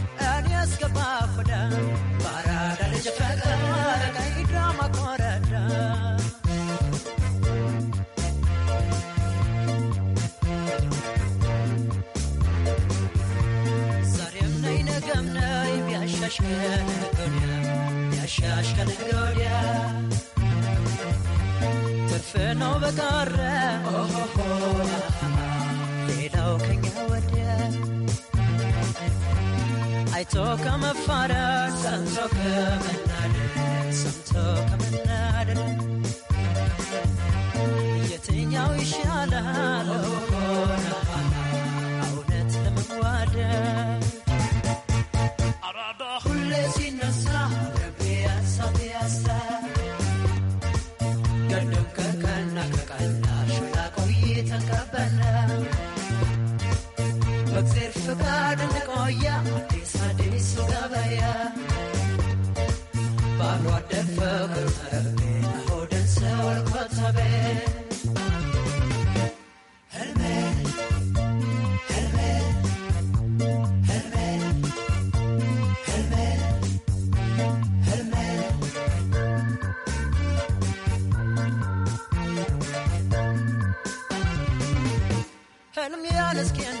ነው በቀረ ሌላው ከኛ ወዲያ አይቶ ከመፋረድ ሰምቶ ከመናደድ ሰምቶ ከመናደድ የትኛው ይሻላል እውነት ለመዋደድ በእግዜር ፍቃድ እንቆያ አዲስ አዲስ ገበያ ባሉ አደር ፍቅር መረቤ Let's get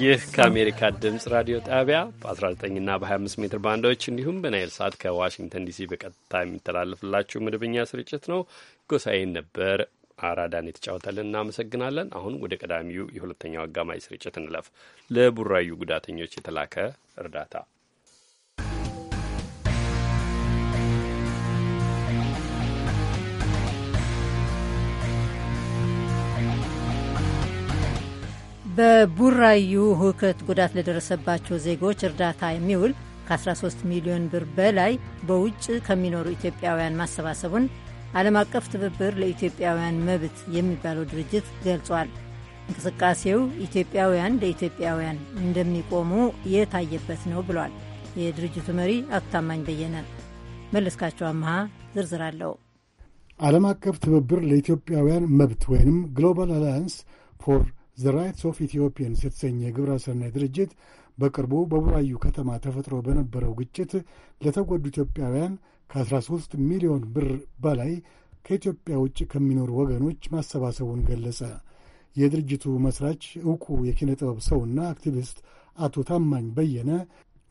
ይህ ከአሜሪካ ድምፅ ራዲዮ ጣቢያ በ19ና በ25 ሜትር ባንዶች እንዲሁም በናይል ሰዓት ከዋሽንግተን ዲሲ በቀጥታ የሚተላለፍላችሁ መደበኛ ስርጭት ነው። ጎሳዬን ነበር አራዳን የተጫወተልን፣ እናመሰግናለን። አሁን ወደ ቀዳሚው የሁለተኛው አጋማሽ ስርጭት እንለፍ። ለቡራዩ ጉዳተኞች የተላከ እርዳታ በቡራዩ ሁከት ጉዳት ለደረሰባቸው ዜጎች እርዳታ የሚውል ከ13 ሚሊዮን ብር በላይ በውጭ ከሚኖሩ ኢትዮጵያውያን ማሰባሰቡን ዓለም አቀፍ ትብብር ለኢትዮጵያውያን መብት የሚባለው ድርጅት ገልጿል። እንቅስቃሴው ኢትዮጵያውያን ለኢትዮጵያውያን እንደሚቆሙ የታየበት ነው ብሏል። የድርጅቱ መሪ አቶ ታማኝ በየነ። መለስካቸው አመሃ ዝርዝር አለው። ዓለም አቀፍ ትብብር ለኢትዮጵያውያን መብት ወይንም ግሎባል አላያንስ ፎር ዘ ራይትስ ኦፍ ኢትዮጵያንስ የተሰኘ የግብረ ሰናይ ድርጅት በቅርቡ በቡራዩ ከተማ ተፈጥሮ በነበረው ግጭት ለተጎዱ ኢትዮጵያውያን ከ13 ሚሊዮን ብር በላይ ከኢትዮጵያ ውጭ ከሚኖሩ ወገኖች ማሰባሰቡን ገለጸ። የድርጅቱ መስራች ዕውቁ የኪነ ጥበብ ሰውና አክቲቪስት አቶ ታማኝ በየነ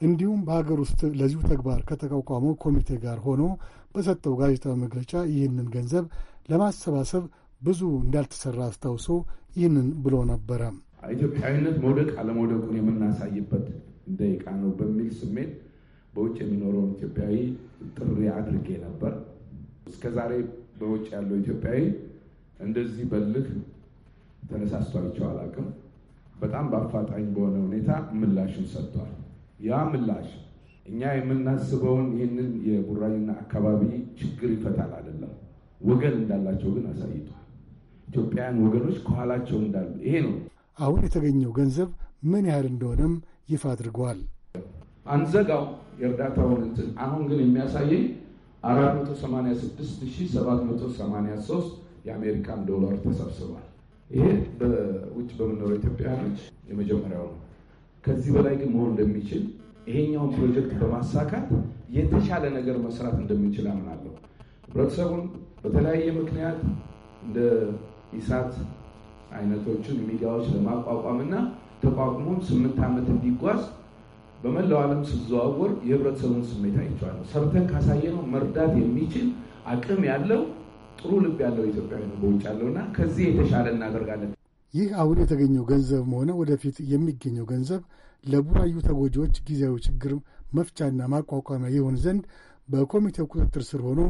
እንዲሁም በሀገር ውስጥ ለዚሁ ተግባር ከተቋቋመው ኮሚቴ ጋር ሆኖ በሰጠው ጋዜጣዊ መግለጫ ይህንን ገንዘብ ለማሰባሰብ ብዙ እንዳልተሰራ አስታውሶ ይህንን ብሎ ነበረ። ኢትዮጵያዊነት መውደቅ አለመውደቁን የምናሳይበት ደቂቃ ነው በሚል ስሜት በውጭ የሚኖረውን ኢትዮጵያዊ ጥሪ አድርጌ ነበር። እስከዛሬ በውጭ ያለው ኢትዮጵያዊ እንደዚህ በልህ ተነሳስቷቸው አላውቅም። በጣም በአፋጣኝ በሆነ ሁኔታ ምላሽን ሰጥቷል። ያ ምላሽ እኛ የምናስበውን ይህንን የቡራዩና አካባቢ ችግር ይፈታል አይደለም፣ ወገን እንዳላቸው ግን አሳይቷል። ኢትዮጵያውያን ወገኖች ከኋላቸው እንዳሉ ይሄ ነው። አሁን የተገኘው ገንዘብ ምን ያህል እንደሆነም ይፋ አድርገዋል። አንዘጋው የእርዳታውን እንትን አሁን ግን የሚያሳየኝ 486783 የአሜሪካን ዶላር ተሰብስቧል። ይሄ በውጭ በምኖረው ኢትዮጵያውያኖች የመጀመሪያው ነው። ከዚህ በላይ ግን መሆን እንደሚችል ይሄኛውን ፕሮጀክት በማሳካት የተሻለ ነገር መስራት እንደሚችል አምናለሁ። ህብረተሰቡን በተለያየ ምክንያት እንደ ኢሳት አይነቶችን ሚዲያዎች ለማቋቋምና እና ተቋቁሞም ስምንት ዓመት እንዲጓዝ በመላው ዓለም ስዘዋወር የህብረተሰቡን ስሜት አይቼዋለሁ። ሰርተን ካሳየነው መርዳት የሚችል አቅም ያለው ጥሩ ልብ ያለው ኢትዮጵያዊ ነው በውጭ ያለው ከዚህ የተሻለ እናደርጋለን። ይህ አሁን የተገኘው ገንዘብም ሆነ ወደፊት የሚገኘው ገንዘብ ለቡራዩ ተጎጂዎች ጊዜያዊ ችግር መፍቻና ማቋቋሚያ ይሆን ዘንድ በኮሚቴው ቁጥጥር ስር ሆኖ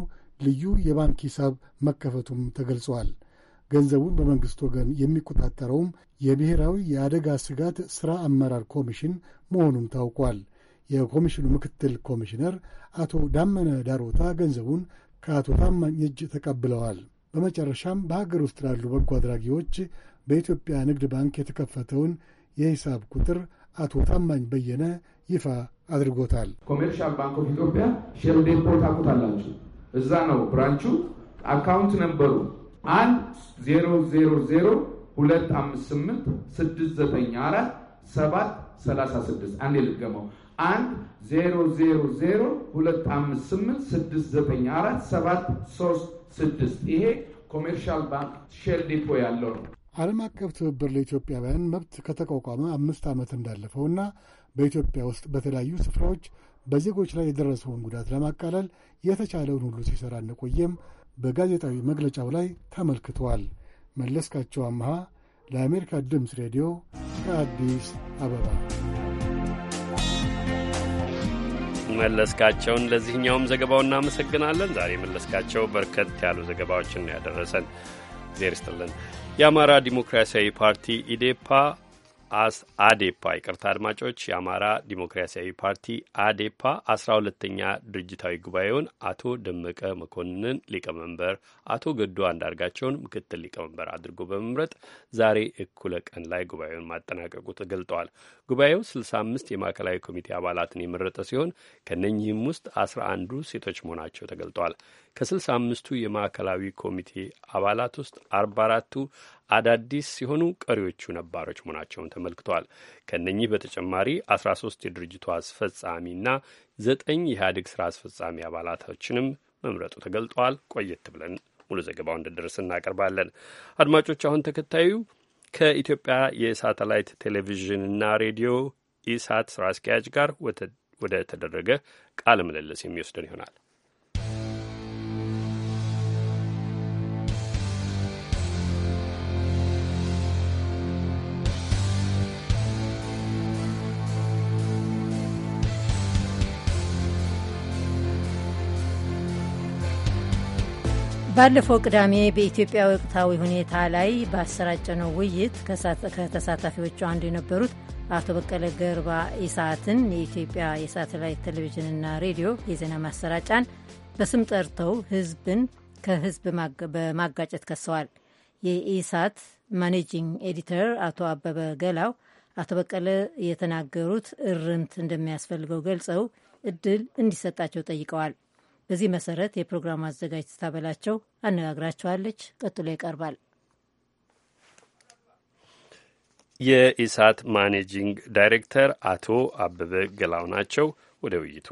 ልዩ የባንክ ሂሳብ መከፈቱም ተገልጿል። ገንዘቡን በመንግሥት ወገን የሚቆጣጠረውም የብሔራዊ የአደጋ ስጋት ሥራ አመራር ኮሚሽን መሆኑም ታውቋል። የኮሚሽኑ ምክትል ኮሚሽነር አቶ ዳመነ ዳሮታ ገንዘቡን ከአቶ ታማኝ እጅ ተቀብለዋል። በመጨረሻም በሀገር ውስጥ ላሉ በጎ አድራጊዎች በኢትዮጵያ ንግድ ባንክ የተከፈተውን የሂሳብ ቁጥር አቶ ታማኝ በየነ ይፋ አድርጎታል። ኮሜርሻል ባንክ ኦፍ ኢትዮጵያ ሼል ዴፖ ታውቁታላችሁ። እዛ ነው ብራንቹ አካውንት ነበሩ አንድ ዜሮ ዜሮ ዜሮ ሁለት አምስት ስምንት ስድስት ዘጠኝ አራት ሰባት ሰላሳ ስድስት አንድ የልገመው አንድ ዜሮ ዜሮ ዜሮ ሁለት አምስት ስምንት ስድስት ዘጠኝ አራት ሰባት ሶስት ስድስት ይሄ ኮሜርሻል ባንክ ሼል ዲፖ ያለው ነው። ዓለም አቀፍ ትብብር ለኢትዮጵያውያን መብት ከተቋቋመ አምስት ዓመት እና በኢትዮጵያ ውስጥ በተለያዩ ስፍራዎች በዜጎች ላይ የደረሰውን ጉዳት ለማቃለል የተቻለውን ሁሉ ሲሰራ እንደቆየም በጋዜጣዊ መግለጫው ላይ ተመልክቷል። መለስካቸው አመሃ ለአሜሪካ ድምፅ ሬዲዮ ከአዲስ አበባ መለስካቸውን ለዚህኛውም ዘገባው እናመሰግናለን። ዛሬ መለስካቸው በርከት ያሉ ዘገባዎችን ያደረሰን። ዜር የአማራ ዲሞክራሲያዊ ፓርቲ ኢዴፓ አስ አዴፓ ይቅርታ አድማጮች፣ የአማራ ዲሞክራሲያዊ ፓርቲ አዴፓ አስራ ሁለተኛ ድርጅታዊ ጉባኤውን አቶ ደመቀ መኮንንን ሊቀመንበር፣ አቶ ገዱ አንዳርጋቸውን ምክትል ሊቀመንበር አድርጎ በመምረጥ ዛሬ እኩለ ቀን ላይ ጉባኤውን ማጠናቀቁ ተገልጠዋል። ጉባኤው ስልሳ አምስት የማዕከላዊ ኮሚቴ አባላትን የመረጠ ሲሆን ከነኚህም ውስጥ አስራ አንዱ ሴቶች መሆናቸው ተገልጠዋል። ከስልሳ አምስቱ የማዕከላዊ ኮሚቴ አባላት ውስጥ አርባ አራቱ አዳዲስ ሲሆኑ ቀሪዎቹ ነባሮች መሆናቸውን ተመልክቷል። ከነኚህ በተጨማሪ 13 የድርጅቱ አስፈጻሚና ዘጠኝ የኢህአዴግ ስራ አስፈጻሚ አባላቶችንም መምረጡ ተገልጧል ቆየት ብለን ሙሉ ዘገባው እንደደረስ እናቀርባለን። አድማጮች፣ አሁን ተከታዩ ከኢትዮጵያ የሳተላይት ቴሌቪዥንና ሬዲዮ ኢሳት ስራ አስኪያጅ ጋር ወደ ተደረገ ቃለ ምልልስ የሚወስደን ይሆናል። ባለፈው ቅዳሜ በኢትዮጵያ ወቅታዊ ሁኔታ ላይ ባሰራጨነው ውይይት ከተሳታፊዎቹ አንዱ የነበሩት አቶ በቀለ ገርባ ኢሳትን የኢትዮጵያ የሳተላይት ቴሌቪዥንና ሬዲዮ የዜና ማሰራጫን በስም ጠርተው ህዝብን ከህዝብ በማጋጨት ከሰዋል። የኢሳት ማኔጂንግ ኤዲተር አቶ አበበ ገላው አቶ በቀለ የተናገሩት እርምት እንደሚያስፈልገው ገልጸው እድል እንዲሰጣቸው ጠይቀዋል። በዚህ መሰረት የፕሮግራሙ አዘጋጅ ትታበላቸው አነጋግራቸዋለች። ቀጥሎ ይቀርባል። የኢሳት ማኔጂንግ ዳይሬክተር አቶ አበበ ገላው ናቸው። ወደ ውይይቱ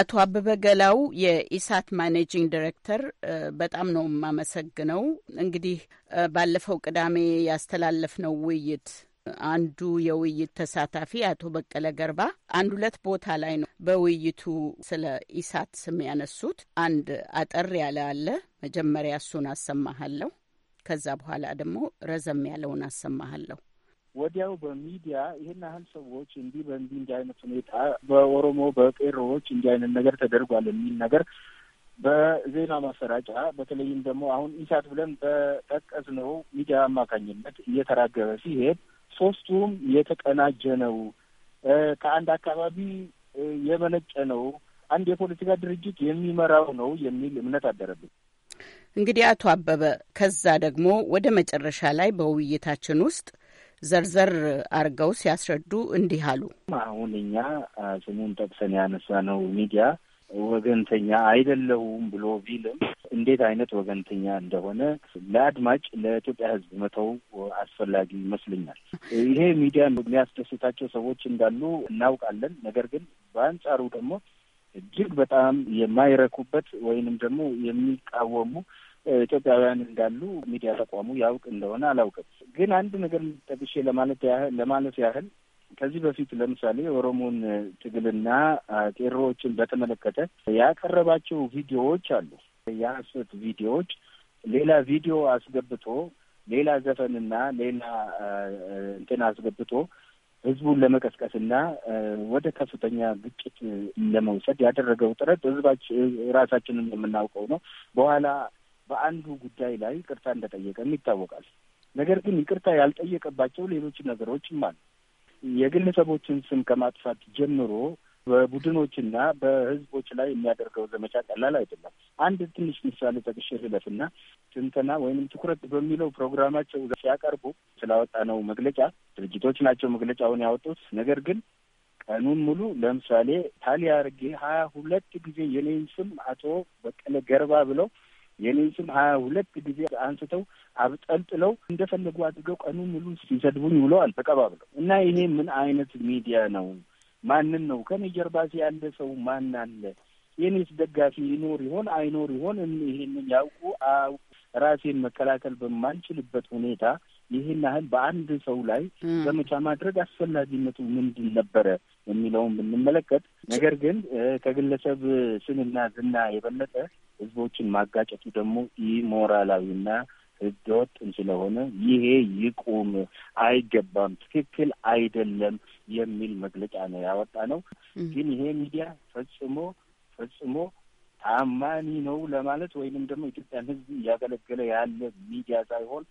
አቶ አበበ ገላው የኢሳት ማኔጂንግ ዲሬክተር፣ በጣም ነው የማመሰግነው። እንግዲህ ባለፈው ቅዳሜ ያስተላለፍነው ውይይት አንዱ የውይይት ተሳታፊ አቶ በቀለ ገርባ አንድ ሁለት ቦታ ላይ ነው በውይይቱ ስለ ኢሳት ስም ያነሱት። አንድ አጠር ያለ አለ። መጀመሪያ እሱን አሰማሃለሁ። ከዛ በኋላ ደግሞ ረዘም ያለውን አሰማሃለሁ። ወዲያው በሚዲያ ይህን ያህል ሰዎች እንዲህ በእንዲህ እንዲህ አይነት ሁኔታ በኦሮሞ በቄሮዎች እንዲህ አይነት ነገር ተደርጓል የሚል ነገር በዜና ማሰራጫ በተለይም ደግሞ አሁን ኢሳት ብለን በጠቀስነው ሚዲያ አማካኝነት እየተራገበ ሲሄድ ሶስቱም የተቀናጀ ነው፣ ከአንድ አካባቢ የመነጨ ነው፣ አንድ የፖለቲካ ድርጅት የሚመራው ነው የሚል እምነት አደረብን። እንግዲህ አቶ አበበ ከዛ ደግሞ ወደ መጨረሻ ላይ በውይይታችን ውስጥ ዘርዘር አርገው ሲያስረዱ እንዲህ አሉ። አሁን እኛ ስሙን ጠቅሰን ያነሳ ነው ሚዲያ ወገንተኛ አይደለሁም ብሎ ቢልም እንዴት አይነት ወገንተኛ እንደሆነ ለአድማጭ ለኢትዮጵያ ሕዝብ መተው አስፈላጊ ይመስለኛል። ይሄ ሚዲያ የሚያስደስታቸው ሰዎች እንዳሉ እናውቃለን። ነገር ግን በአንጻሩ ደግሞ እጅግ በጣም የማይረኩበት ወይንም ደግሞ የሚቃወሙ ኢትዮጵያውያን እንዳሉ ሚዲያ ተቋሙ ያውቅ እንደሆነ አላውቅም። ግን አንድ ነገር ጠቅሼ ለማለት ያህል ለማለት ያህል ከዚህ በፊት ለምሳሌ ኦሮሞን ትግልና ቄሮዎችን በተመለከተ ያቀረባቸው ቪዲዮዎች አሉ። የሀሰት ቪዲዮዎች ሌላ ቪዲዮ አስገብቶ ሌላ ዘፈንና ሌላ እንትን አስገብቶ ህዝቡን ለመቀስቀስና ወደ ከፍተኛ ግጭት ለመውሰድ ያደረገው ጥረት ህዝባችን ራሳችንን የምናውቀው ነው። በኋላ በአንዱ ጉዳይ ላይ ቅርታ እንደጠየቀም ይታወቃል። ነገር ግን ይቅርታ ያልጠየቀባቸው ሌሎች ነገሮችም አሉ። የግለሰቦችን ስም ከማጥፋት ጀምሮ በቡድኖችና በህዝቦች ላይ የሚያደርገው ዘመቻ ቀላል አይደለም። አንድ ትንሽ ምሳሌ ጠቅሼ ልለፍና ትንተና ወይም ትኩረት በሚለው ፕሮግራማቸው ሲያቀርቡ ስላወጣ ነው መግለጫ ድርጅቶች ናቸው መግለጫውን ያወጡት። ነገር ግን ቀኑን ሙሉ ለምሳሌ ታሊያ አርጌ ሀያ ሁለት ጊዜ የኔን ስም አቶ በቀለ ገርባ ብለው የኔን ስም ሀያ ሁለት ጊዜ አንስተው አብጠልጥለው እንደፈለጉ አድርገው ቀኑ ሙሉ ሲሰድቡኝ ውለዋል ተቀባብለው እና ይሄ ምን አይነት ሚዲያ ነው? ማንን ነው ከኔ ጀርባሲ ያለ ሰው ማን አለ? የኔስ ደጋፊ ይኖር ይሆን አይኖር ይሆን? ይሄንን ያውቁ ራሴን መከላከል በማንችልበት ሁኔታ ይህን ያህል በአንድ ሰው ላይ ዘመቻ ማድረግ አስፈላጊነቱ ምንድን ነበረ የሚለውን ብንመለከት፣ ነገር ግን ከግለሰብ ስምና ዝና የበለጠ ህዝቦችን ማጋጨቱ ደግሞ ኢሞራላዊና ህገወጥም ስለሆነ ይሄ ይቁም፣ አይገባም፣ ትክክል አይደለም የሚል መግለጫ ነው ያወጣ ነው። ግን ይሄ ሚዲያ ፈጽሞ ፈጽሞ ታማኒ ነው ለማለት ወይንም ደግሞ ኢትዮጵያን ህዝብ እያገለገለ ያለ ሚዲያ ሳይሆን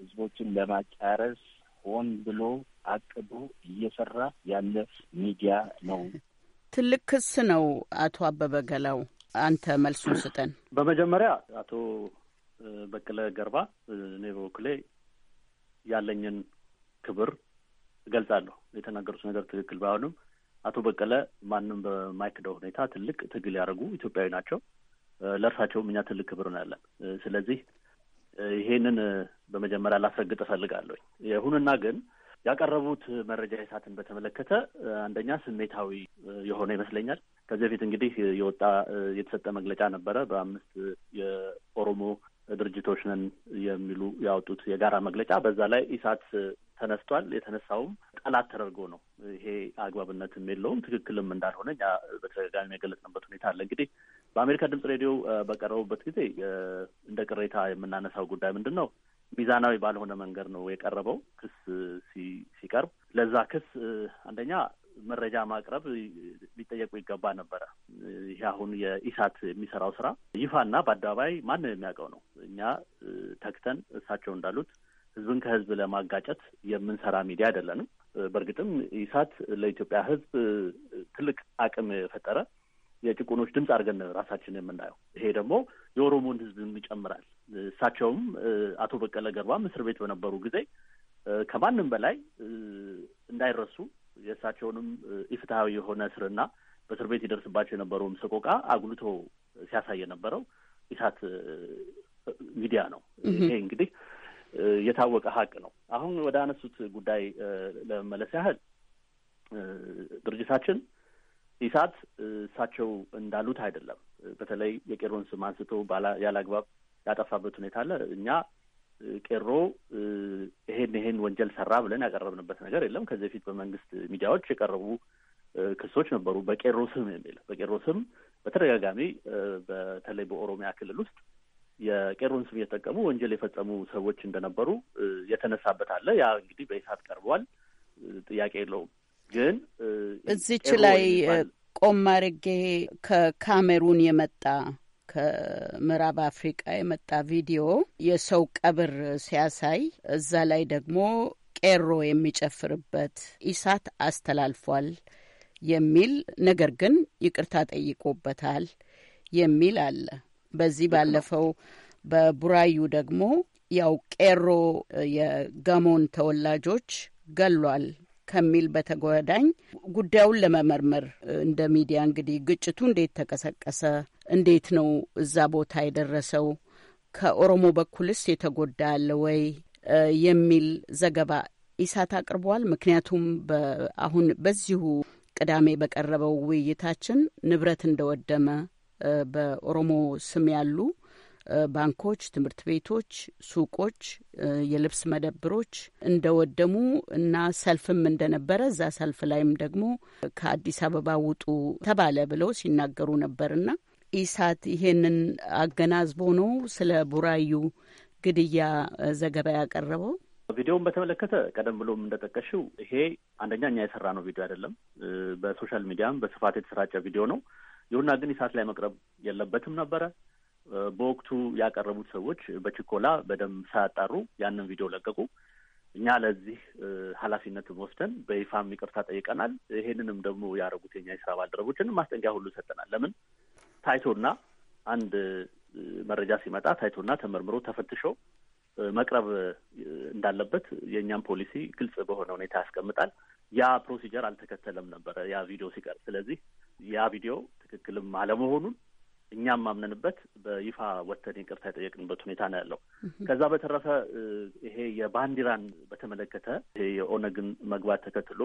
ህዝቦችን ለማጫረስ ሆን ብሎ አቅዶ እየሰራ ያለ ሚዲያ ነው። ትልቅ ክስ ነው አቶ አበበ ገላው። አንተ መልሱን ስጠን። በመጀመሪያ አቶ በቀለ ገርባ፣ እኔ በበኩሌ ያለኝን ክብር እገልጻለሁ። የተናገሩት ነገር ትክክል ባይሆንም አቶ በቀለ ማንም በማይክደው ሁኔታ ትልቅ ትግል ያደረጉ ኢትዮጵያዊ ናቸው። ለእርሳቸውም እኛ ትልቅ ክብር ነው ያለን። ስለዚህ ይሄንን በመጀመሪያ ላስረግጥ እፈልጋለሁኝ። ይሁንና ግን ያቀረቡት መረጃ የሳትን በተመለከተ አንደኛ ስሜታዊ የሆነ ይመስለኛል። ከዚህ በፊት እንግዲህ የወጣ የተሰጠ መግለጫ ነበረ። በአምስት የኦሮሞ ድርጅቶች ነን የሚሉ ያወጡት የጋራ መግለጫ በዛ ላይ ኢሳት ተነስቷል። የተነሳውም ጠላት ተደርጎ ነው። ይሄ አግባብነትም የለውም ትክክልም እንዳልሆነ እኛ በተደጋጋሚ የገለጽንበት ሁኔታ አለ። እንግዲህ በአሜሪካ ድምጽ ሬዲዮ በቀረቡበት ጊዜ እንደ ቅሬታ የምናነሳው ጉዳይ ምንድን ነው? ሚዛናዊ ባልሆነ መንገድ ነው የቀረበው ክስ ሲቀርብ ለዛ ክስ አንደኛ መረጃ ማቅረብ ሊጠየቁ ይገባ ነበረ። ይህ አሁን የኢሳት የሚሰራው ስራ ይፋና በአደባባይ ማንም የሚያውቀው ነው። እኛ ተክተን እሳቸው እንዳሉት ህዝብን ከህዝብ ለማጋጨት የምንሰራ ሚዲያ አይደለንም። በእርግጥም ኢሳት ለኢትዮጵያ ህዝብ ትልቅ አቅም የፈጠረ የጭቁኖች ድምፅ አድርገን ራሳችን የምናየው ይሄ ደግሞ የኦሮሞን ህዝብም ይጨምራል። እሳቸውም አቶ በቀለ ገርባም እስር ቤት በነበሩ ጊዜ ከማንም በላይ እንዳይረሱ የእሳቸውንም ኢፍትሐዊ የሆነ እስርና በእስር ቤት ይደርስባቸው የነበረውን ሰቆቃ አጉልቶ ሲያሳይ የነበረው ኢሳት ሚዲያ ነው። ይሄ እንግዲህ የታወቀ ሀቅ ነው። አሁን ወደ አነሱት ጉዳይ ለመመለስ ያህል ድርጅታችን ኢሳት እሳቸው እንዳሉት አይደለም። በተለይ የቄሮን ስም አንስቶ ያለ አግባብ ያጠፋበት ሁኔታ አለ። እኛ ቄሮ ይሄን ይሄን ወንጀል ሰራ ብለን ያቀረብንበት ነገር የለም። ከዚህ በፊት በመንግስት ሚዲያዎች የቀረቡ ክሶች ነበሩ፣ በቄሮ ስም የሚል በቄሮ ስም በተደጋጋሚ በተለይ በኦሮሚያ ክልል ውስጥ የቄሮን ስም እየተጠቀሙ ወንጀል የፈጸሙ ሰዎች እንደነበሩ የተነሳበት አለ። ያ እንግዲህ በኢሳት ቀርቧል፣ ጥያቄ የለውም። ግን እዚች ላይ ቆም አድርጌ ከካሜሩን የመጣ ከምዕራብ አፍሪቃ የመጣ ቪዲዮ የሰው ቀብር ሲያሳይ እዛ ላይ ደግሞ ቄሮ የሚጨፍርበት ኢሳት አስተላልፏል የሚል ነገር ግን ይቅርታ ጠይቆበታል የሚል አለ። በዚህ ባለፈው በቡራዩ ደግሞ ያው ቄሮ የጋሞን ተወላጆች ገሏል ከሚል በተጓዳኝ ጉዳዩን ለመመርመር እንደ ሚዲያ እንግዲህ ግጭቱ እንዴት ተቀሰቀሰ እንዴት ነው እዛ ቦታ የደረሰው? ከኦሮሞ በኩልስ የተጎዳ አለ ወይ የሚል ዘገባ ኢሳት አቅርቧል። ምክንያቱም አሁን በዚሁ ቅዳሜ በቀረበው ውይይታችን ንብረት እንደወደመ በኦሮሞ ስም ያሉ ባንኮች፣ ትምህርት ቤቶች፣ ሱቆች፣ የልብስ መደብሮች እንደወደሙ እና ሰልፍም እንደነበረ እዛ ሰልፍ ላይም ደግሞ ከአዲስ አበባ ውጡ ተባለ ብለው ሲናገሩ ነበርና ኢሳት ይሄንን አገናዝቦ ነው ስለ ቡራዩ ግድያ ዘገባ ያቀረበው? ቪዲዮውን በተመለከተ ቀደም ብሎም እንደጠቀሽው ይሄ አንደኛ እኛ የሰራ ነው ቪዲዮ አይደለም። በሶሻል ሚዲያም በስፋት የተሰራጨ ቪዲዮ ነው። ይሁና ግን ኢሳት ላይ መቅረብ የለበትም ነበረ። በወቅቱ ያቀረቡት ሰዎች በችኮላ በደንብ ሳያጣሩ ያንን ቪዲዮ ለቀቁ። እኛ ለዚህ ኃላፊነት ወስደን በይፋም ይቅርታ ጠይቀናል። ይሄንንም ደግሞ ያደረጉት የኛ የስራ ባልደረቦችንም ማስጠንቀቂያ ሁሉ ሰጠናል። ለምን ታይቶና አንድ መረጃ ሲመጣ ታይቶና ተመርምሮ ተፈትሾ መቅረብ እንዳለበት የእኛም ፖሊሲ ግልጽ በሆነ ሁኔታ ያስቀምጣል። ያ ፕሮሲጀር አልተከተለም ነበረ ያ ቪዲዮ ሲቀርብ። ስለዚህ ያ ቪዲዮ ትክክልም አለመሆኑን እኛም ማምነንበት በይፋ ወተን ይቅርታ የጠየቅንበት ሁኔታ ነው ያለው። ከዛ በተረፈ ይሄ የባንዲራን በተመለከተ ይሄ የኦነግን መግባት ተከትሎ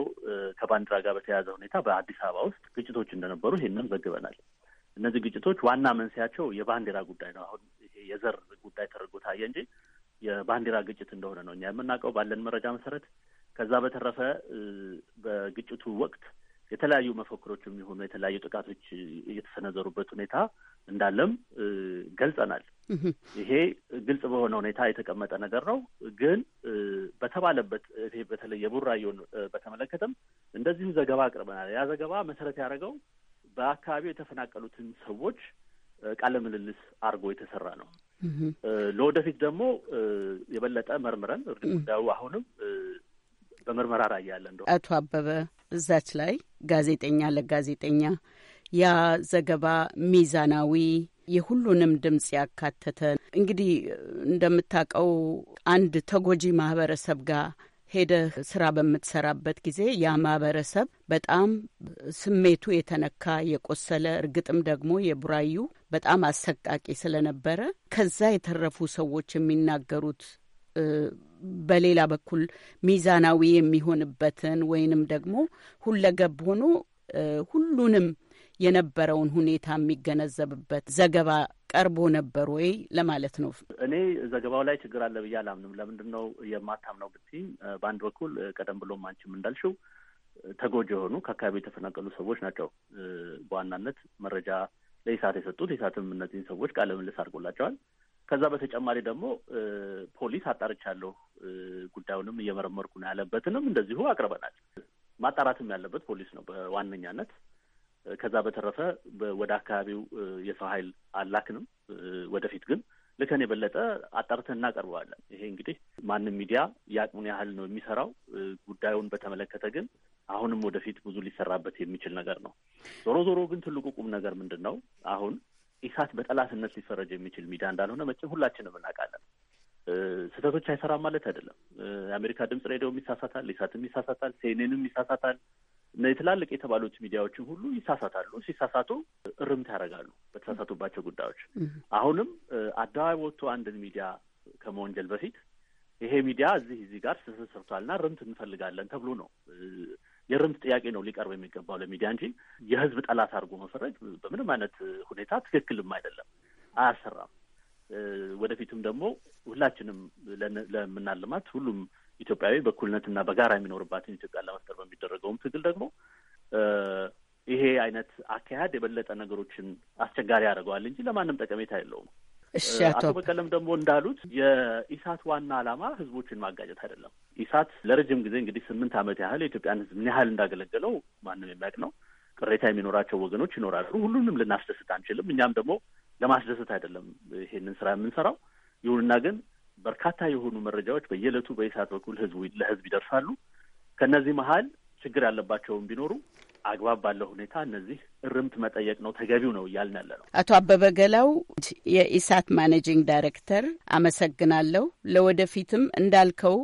ከባንዲራ ጋር በተያያዘ ሁኔታ በአዲስ አበባ ውስጥ ግጭቶች እንደነበሩ ይህንን ዘግበናል። እነዚህ ግጭቶች ዋና መንስያቸው የባንዲራ ጉዳይ ነው። አሁን ይሄ የዘር ጉዳይ ተደርጎ ታየ እንጂ የባንዲራ ግጭት እንደሆነ ነው እኛ የምናውቀው ባለን መረጃ መሰረት። ከዛ በተረፈ በግጭቱ ወቅት የተለያዩ መፈክሮች የሚሆኑ የተለያዩ ጥቃቶች እየተሰነዘሩበት ሁኔታ እንዳለም ገልጸናል። ይሄ ግልጽ በሆነ ሁኔታ የተቀመጠ ነገር ነው። ግን በተባለበት ይሄ በተለይ የቡራዮን በተመለከተም እንደዚሁ ዘገባ አቅርበናል። ያ ዘገባ መሰረት ያደረገው በአካባቢው የተፈናቀሉትን ሰዎች ቃለ ምልልስ አድርጎ የተሰራ ነው። ለወደፊት ደግሞ የበለጠ መርምረን እርግጥ ጉዳዩ አሁንም በምርመራ ላይ ያለ እንደ አቶ አበበ እዛች ላይ ጋዜጠኛ ለጋዜጠኛ ያ ዘገባ ሚዛናዊ የሁሉንም ድምጽ ያካተተ እንግዲህ እንደምታውቀው አንድ ተጎጂ ማህበረሰብ ጋር ሄደህ ስራ በምትሰራበት ጊዜ ያ ማህበረሰብ በጣም ስሜቱ የተነካ የቆሰለ እርግጥም ደግሞ የቡራዩ በጣም አሰቃቂ ስለነበረ ከዛ የተረፉ ሰዎች የሚናገሩት በሌላ በኩል ሚዛናዊ የሚሆንበትን ወይንም ደግሞ ሁለገብ ሆኖ ሁሉንም የነበረውን ሁኔታ የሚገነዘብበት ዘገባ ቀርቦ ነበር ወይ ለማለት ነው። እኔ ዘገባው ላይ ችግር አለ ብዬ አላምንም። ለምንድን ነው የማታምነው ብትይኝ፣ በአንድ በኩል ቀደም ብሎ አንቺም እንዳልሽው ተጎጂ የሆኑ ከአካባቢ የተፈናቀሉ ሰዎች ናቸው በዋናነት መረጃ ለኢሳት የሰጡት። ኢሳትም እነዚህን ሰዎች ቃለ ምልልስ አድርጎላቸዋል። ከዛ በተጨማሪ ደግሞ ፖሊስ አጣርቻለሁ፣ ጉዳዩንም እየመረመርኩ ነው ያለበትንም እንደዚሁ አቅርበናል። ማጣራትም ያለበት ፖሊስ ነው በዋነኛነት ከዛ በተረፈ ወደ አካባቢው የሰው ኃይል አላክንም። ወደፊት ግን ልከን የበለጠ አጣርተን እናቀርበዋለን። ይሄ እንግዲህ ማንም ሚዲያ የአቅሙን ያህል ነው የሚሰራው። ጉዳዩን በተመለከተ ግን አሁንም ወደፊት ብዙ ሊሰራበት የሚችል ነገር ነው። ዞሮ ዞሮ ግን ትልቁ ቁም ነገር ምንድን ነው? አሁን ኢሳት በጠላትነት ሊፈረጅ የሚችል ሚዲያ እንዳልሆነ መቼም ሁላችንም እናውቃለን። ስህተቶች አይሰራም ማለት አይደለም። የአሜሪካ ድምጽ ሬዲዮም ይሳሳታል፣ ኢሳትም ይሳሳታል፣ ሴኔንም ይሳሳታል፣ እነዚህ ትላልቅ የተባሉት ሚዲያዎችን ሁሉ ይሳሳታሉ። ሲሳሳቱ እርምት ያደርጋሉ በተሳሳቱባቸው ጉዳዮች። አሁንም አደባባይ ወጥቶ አንድን ሚዲያ ከመወንጀል በፊት ይሄ ሚዲያ እዚህ እዚህ ጋር ስህተት ሰርቷልና ርምት እንፈልጋለን ተብሎ ነው የርምት ጥያቄ ነው ሊቀርብ የሚገባው ለሚዲያ እንጂ የህዝብ ጠላት አድርጎ መፈረጅ በምንም አይነት ሁኔታ ትክክልም አይደለም፣ አያሰራም። ወደፊትም ደግሞ ሁላችንም ለምናልማት ሁሉም ኢትዮጵያዊ በኩልነትና በጋራ የሚኖርባትን ኢትዮጵያ ለመፍጠር በሚደረገውም ትግል ደግሞ ይሄ አይነት አካሄድ የበለጠ ነገሮችን አስቸጋሪ ያደርገዋል እንጂ ለማንም ጠቀሜታ የለውም። አቶ በቀለም ደግሞ እንዳሉት የኢሳት ዋና ዓላማ ህዝቦችን ማጋጨት አይደለም። ኢሳት ለረጅም ጊዜ እንግዲህ ስምንት ዓመት ያህል የኢትዮጵያን ህዝብ ምን ያህል እንዳገለገለው ማንም የሚያውቅ ነው። ቅሬታ የሚኖራቸው ወገኖች ይኖራሉ። ሁሉንም ልናስደስት አንችልም። እኛም ደግሞ ለማስደሰት አይደለም ይሄንን ስራ የምንሰራው። ይሁንና ግን በርካታ የሆኑ መረጃዎች በየዕለቱ በኢሳት በኩል ህዝቡ ለህዝብ ይደርሳሉ። ከእነዚህ መሀል ችግር ያለባቸውም ቢኖሩ አግባብ ባለው ሁኔታ እነዚህ እርምት መጠየቅ ነው ተገቢው ነው እያልን ያለ ነው። አቶ አበበ ገላው የኢሳት ማኔጂንግ ዳይሬክተር፣ አመሰግናለሁ። ለወደፊትም እንዳልከው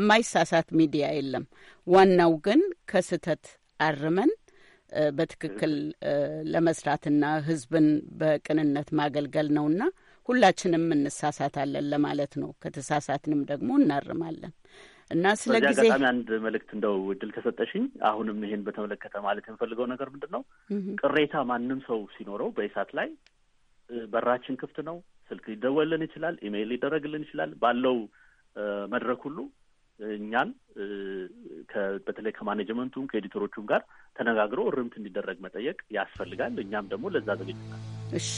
የማይሳሳት ሚዲያ የለም። ዋናው ግን ከስህተት አርመን በትክክል ለመስራትና ህዝብን በቅንነት ማገልገል ነውና ሁላችንም እንሳሳታለን ለማለት ነው። ከተሳሳትንም ደግሞ እናርማለን እና ስለ ጊዜ አጋጣሚ አንድ መልእክት እንደው እድል ከሰጠሽኝ አሁንም ይሄን በተመለከተ ማለት የምፈልገው ነገር ምንድን ነው፣ ቅሬታ ማንም ሰው ሲኖረው በኢሳት ላይ በራችን ክፍት ነው። ስልክ ሊደወልን ይችላል፣ ኢሜይል ሊደረግልን ይችላል። ባለው መድረክ ሁሉ እኛን በተለይ ከማኔጅመንቱም ከኤዲተሮቹም ጋር ተነጋግሮ እርምት እንዲደረግ መጠየቅ ያስፈልጋል። እኛም ደግሞ ለዛ ዝግጅት እሺ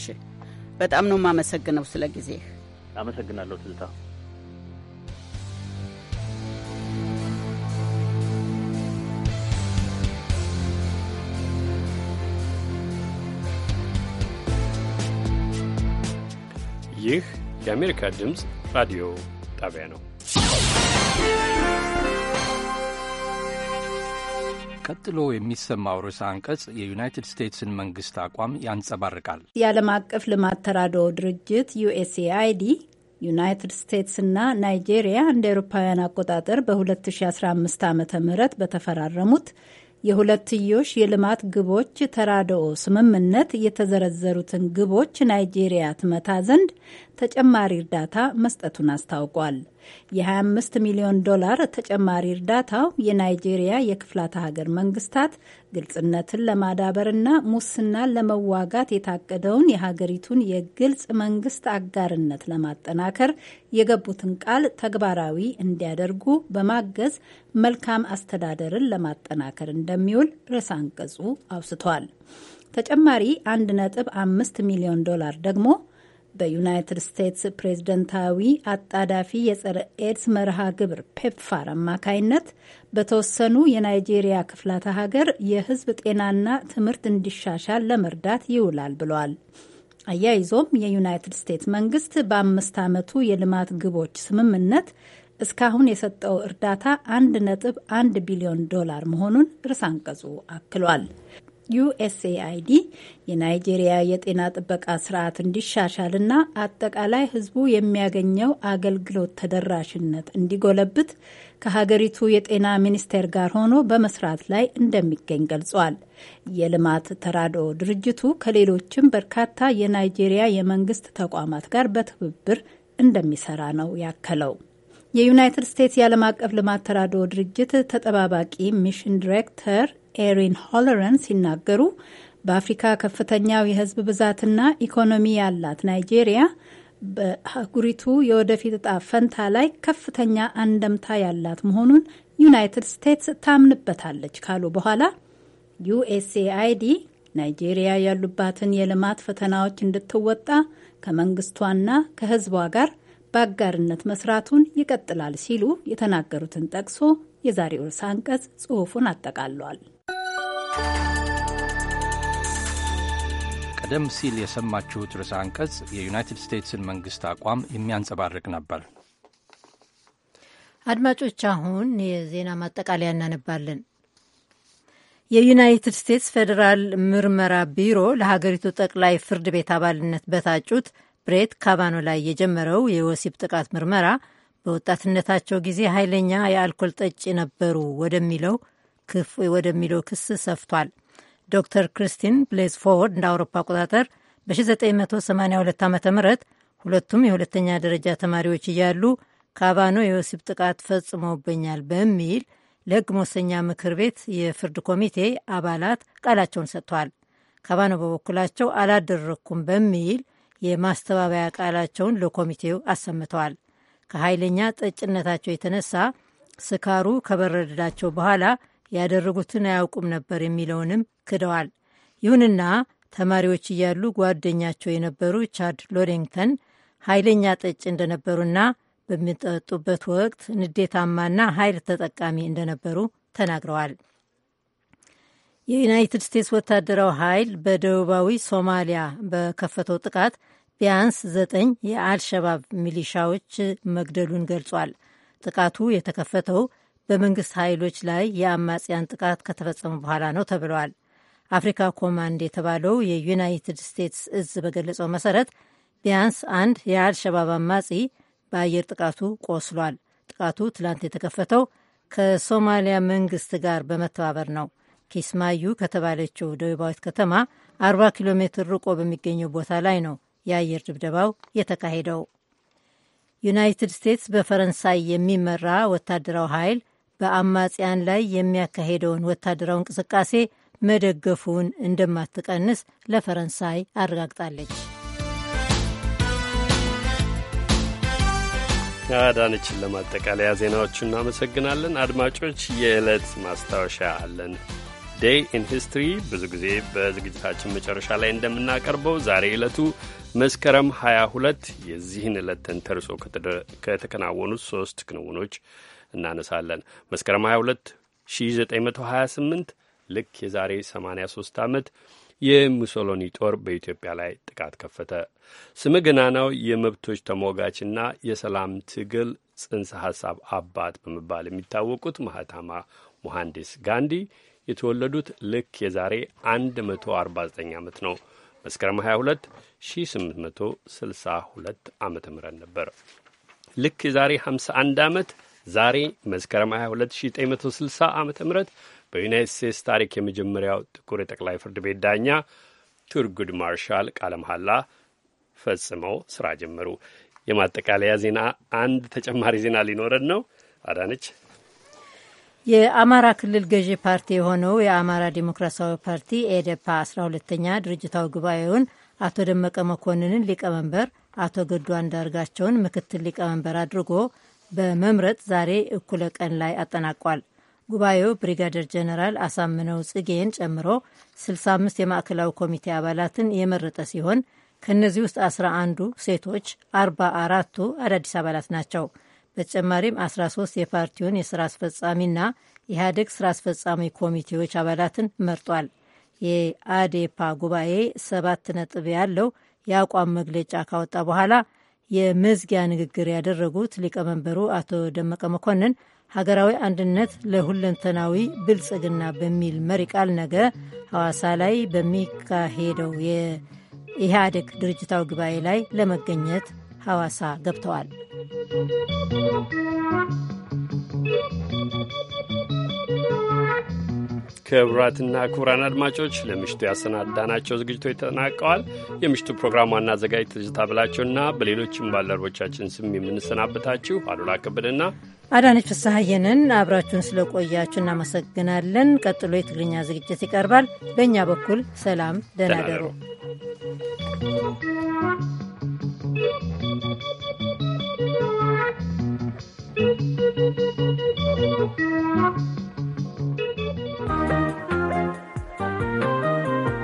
በጣም ነው የማመሰግነው ስለ ጊዜ። አመሰግናለሁ ትዝታ። ይህ የአሜሪካ ድምፅ ራዲዮ ጣቢያ ነው። ቀጥሎ የሚሰማው ርዕሰ አንቀጽ የዩናይትድ ስቴትስን መንግስት አቋም ያንጸባርቃል። የዓለም አቀፍ ልማት ተራድኦ ድርጅት ዩኤስኤአይዲ ዩናይትድ ስቴትስና ናይጄሪያ እንደ አውሮፓውያን አቆጣጠር በ2015 ዓ ም በተፈራረሙት የሁለትዮሽ የልማት ግቦች ተራድኦ ስምምነት የተዘረዘሩትን ግቦች ናይጄሪያ ትመታ ዘንድ ተጨማሪ እርዳታ መስጠቱን አስታውቋል። የ25 ሚሊዮን ዶላር ተጨማሪ እርዳታው የናይጄሪያ የክፍላተ ሀገር መንግስታት ግልጽነትን ለማዳበርና ሙስናን ለመዋጋት የታቀደውን የሀገሪቱን የግልጽ መንግስት አጋርነት ለማጠናከር የገቡትን ቃል ተግባራዊ እንዲያደርጉ በማገዝ መልካም አስተዳደርን ለማጠናከር እንደሚውል ርዕሰ አንቀጹ አውስቷል። ተጨማሪ 1.5 ሚሊዮን ዶላር ደግሞ በዩናይትድ ስቴትስ ፕሬዝደንታዊ አጣዳፊ የጸረ ኤድስ መርሃ ግብር ፔፕፋር አማካይነት በተወሰኑ የናይጄሪያ ክፍላተ ሀገር የሕዝብ ጤናና ትምህርት እንዲሻሻል ለመርዳት ይውላል ብሏል። አያይዞም የዩናይትድ ስቴትስ መንግስት በአምስት ዓመቱ የልማት ግቦች ስምምነት እስካሁን የሰጠው እርዳታ አንድ ነጥብ አንድ ቢሊዮን ዶላር መሆኑን ርዕሰ አንቀጹ አክሏል። ዩኤስኤአይዲ የናይጄሪያ የጤና ጥበቃ ስርዓት እንዲሻሻልና አጠቃላይ ህዝቡ የሚያገኘው አገልግሎት ተደራሽነት እንዲጎለብት ከሀገሪቱ የጤና ሚኒስቴር ጋር ሆኖ በመስራት ላይ እንደሚገኝ ገልጿል። የልማት ተራድኦ ድርጅቱ ከሌሎችም በርካታ የናይጄሪያ የመንግስት ተቋማት ጋር በትብብር እንደሚሰራ ነው ያከለው። የዩናይትድ ስቴትስ የዓለም አቀፍ ልማት ተራድኦ ድርጅት ተጠባባቂ ሚሽን ዲሬክተር ኤሪን ሆለረን ሲናገሩ በአፍሪካ ከፍተኛው የህዝብ ብዛትና ኢኮኖሚ ያላት ናይጄሪያ በአህጉሪቱ የወደፊት እጣ ፈንታ ላይ ከፍተኛ አንደምታ ያላት መሆኑን ዩናይትድ ስቴትስ ታምንበታለች ካሉ በኋላ ዩኤስኤአይዲ ናይጄሪያ ያሉባትን የልማት ፈተናዎች እንድትወጣ ከመንግስቷና ከህዝቧ ጋር በአጋርነት መስራቱን ይቀጥላል ሲሉ የተናገሩትን ጠቅሶ የዛሬው ርዕሰ አንቀጽ ጽሑፉን አጠቃሏል። ቀደም ሲል የሰማችሁት ርዕሰ አንቀጽ የዩናይትድ ስቴትስን መንግስት አቋም የሚያንጸባርቅ ነበር። አድማጮች፣ አሁን የዜና ማጠቃለያ እናነባለን። የዩናይትድ ስቴትስ ፌዴራል ምርመራ ቢሮ ለሀገሪቱ ጠቅላይ ፍርድ ቤት አባልነት በታጩት ብሬት ካቫኖ ላይ የጀመረው የወሲብ ጥቃት ምርመራ በወጣትነታቸው ጊዜ ኃይለኛ የአልኮል ጠጪ ነበሩ ወደሚለው ክፍ ወደሚለው ክስ ሰፍቷል። ዶክተር ክሪስቲን ብሌዝፎርድ እንደ አውሮፓ አቆጣጠር በ1982 ዓ ም ሁለቱም የሁለተኛ ደረጃ ተማሪዎች እያሉ ካቫኖ የወሲብ ጥቃት ፈጽሞብኛል በሚል ለሕግ መወሰኛ ምክር ቤት የፍርድ ኮሚቴ አባላት ቃላቸውን ሰጥተዋል። ካቫኖ በበኩላቸው አላደረግኩም በሚል የማስተባበያ ቃላቸውን ለኮሚቴው አሰምተዋል። ከኃይለኛ ጠጭነታቸው የተነሳ ስካሩ ከበረደዳቸው በኋላ ያደረጉትን አያውቁም ነበር የሚለውንም ክደዋል። ይሁንና ተማሪዎች እያሉ ጓደኛቸው የነበሩ ቻድ ሎዲንግተን ኃይለኛ ጠጭ እንደነበሩና በሚጠጡበት ወቅት ንዴታማና ኃይል ተጠቃሚ እንደነበሩ ተናግረዋል። የዩናይትድ ስቴትስ ወታደራዊ ኃይል በደቡባዊ ሶማሊያ በከፈተው ጥቃት ቢያንስ ዘጠኝ የአልሸባብ ሚሊሻዎች መግደሉን ገልጿል። ጥቃቱ የተከፈተው በመንግስት ኃይሎች ላይ የአማጽያን ጥቃት ከተፈጸሙ በኋላ ነው ተብለዋል። አፍሪካ ኮማንድ የተባለው የዩናይትድ ስቴትስ እዝ በገለጸው መሰረት ቢያንስ አንድ የአልሸባብ አማጺ በአየር ጥቃቱ ቆስሏል። ጥቃቱ ትላንት የተከፈተው ከሶማሊያ መንግስት ጋር በመተባበር ነው። ኪስማዩ ከተባለችው ደቡባዊት ከተማ 40 ኪሎ ሜትር ርቆ በሚገኘው ቦታ ላይ ነው የአየር ድብደባው የተካሄደው። ዩናይትድ ስቴትስ በፈረንሳይ የሚመራ ወታደራዊ ኃይል በአማጽያን ላይ የሚያካሄደውን ወታደራዊ እንቅስቃሴ መደገፉን እንደማትቀንስ ለፈረንሳይ አረጋግጣለች። አዳነችን ለማጠቃለያ ዜናዎቹ እናመሰግናለን። አድማጮች የዕለት ማስታወሻ አለን። ዴይ ኢን ሂስትሪ ብዙ ጊዜ በዝግጅታችን መጨረሻ ላይ እንደምናቀርበው ዛሬ ዕለቱ መስከረም 22 የዚህን ዕለት ተንተርሶ ከተከናወኑት ሶስት ክንውኖች እናነሳለን። መስከረም 22 1928 ልክ የዛሬ 83 ዓመት የሙሶሎኒ ጦር በኢትዮጵያ ላይ ጥቃት ከፈተ። ስመ ገናናው የመብቶች ተሟጋችና የሰላም ትግል ጽንሰ ሐሳብ አባት በመባል የሚታወቁት ማህታማ ሙሐንዲስ ጋንዲ የተወለዱት ልክ የዛሬ 149 ዓመት ነው መስከረም 22 1862 ዓ ም ነበር። ልክ የዛሬ 51 ዓመት ዛሬ መስከረም 22 1960 ዓ ም በዩናይት ስቴትስ ታሪክ የመጀመሪያው ጥቁር የጠቅላይ ፍርድ ቤት ዳኛ ቱርጉድ ማርሻል ቃለ መሐላ ፈጽመው ስራ ጀመሩ። የማጠቃለያ ዜና አንድ ተጨማሪ ዜና ሊኖረን ነው። አዳነች የአማራ ክልል ገዢ ፓርቲ የሆነው የአማራ ዴሞክራሲያዊ ፓርቲ ኤዴፓ 12ተኛ ድርጅታዊ ጉባኤውን አቶ ደመቀ መኮንንን ሊቀመንበር፣ አቶ ገዱ አንዳርጋቸውን ምክትል ሊቀመንበር አድርጎ በመምረጥ ዛሬ እኩለ ቀን ላይ አጠናቋል። ጉባኤው ብሪጋዴር ጀነራል አሳምነው ጽጌን ጨምሮ 65 የማዕከላዊ ኮሚቴ አባላትን የመረጠ ሲሆን ከእነዚህ ውስጥ 11 ሴቶች፣ 44ቱ አዳዲስ አባላት ናቸው። በተጨማሪም 13 የፓርቲውን የስራ አስፈጻሚና የኢህአዴግ ስራ አስፈጻሚ ኮሚቴዎች አባላትን መርጧል። የአዴፓ ጉባኤ ሰባት ነጥብ ያለው የአቋም መግለጫ ካወጣ በኋላ የመዝጊያ ንግግር ያደረጉት ሊቀመንበሩ አቶ ደመቀ መኮንን ሀገራዊ አንድነት ለሁለንተናዊ ብልጽግና በሚል መሪ ቃል ነገ ሐዋሳ ላይ በሚካሄደው የኢህአዴግ ድርጅታዊ ጉባኤ ላይ ለመገኘት ሐዋሳ ገብተዋል። ክቡራትና ክቡራን አድማጮች ለምሽቱ ያሰናዳናቸው ዝግጅቶች ተጠናቀዋል። የምሽቱ ፕሮግራም ዋና አዘጋጅ ትዝታ ብላቸውና በሌሎችም ባልደረቦቻችን ስም የምንሰናበታችሁ አሉላ ከበደና አዳነች ፍስሐየንን አብራችሁን ስለቆያችሁ እናመሰግናለን። ቀጥሎ የትግርኛ ዝግጅት ይቀርባል። በእኛ በኩል ሰላም፣ ደህና ደሩ።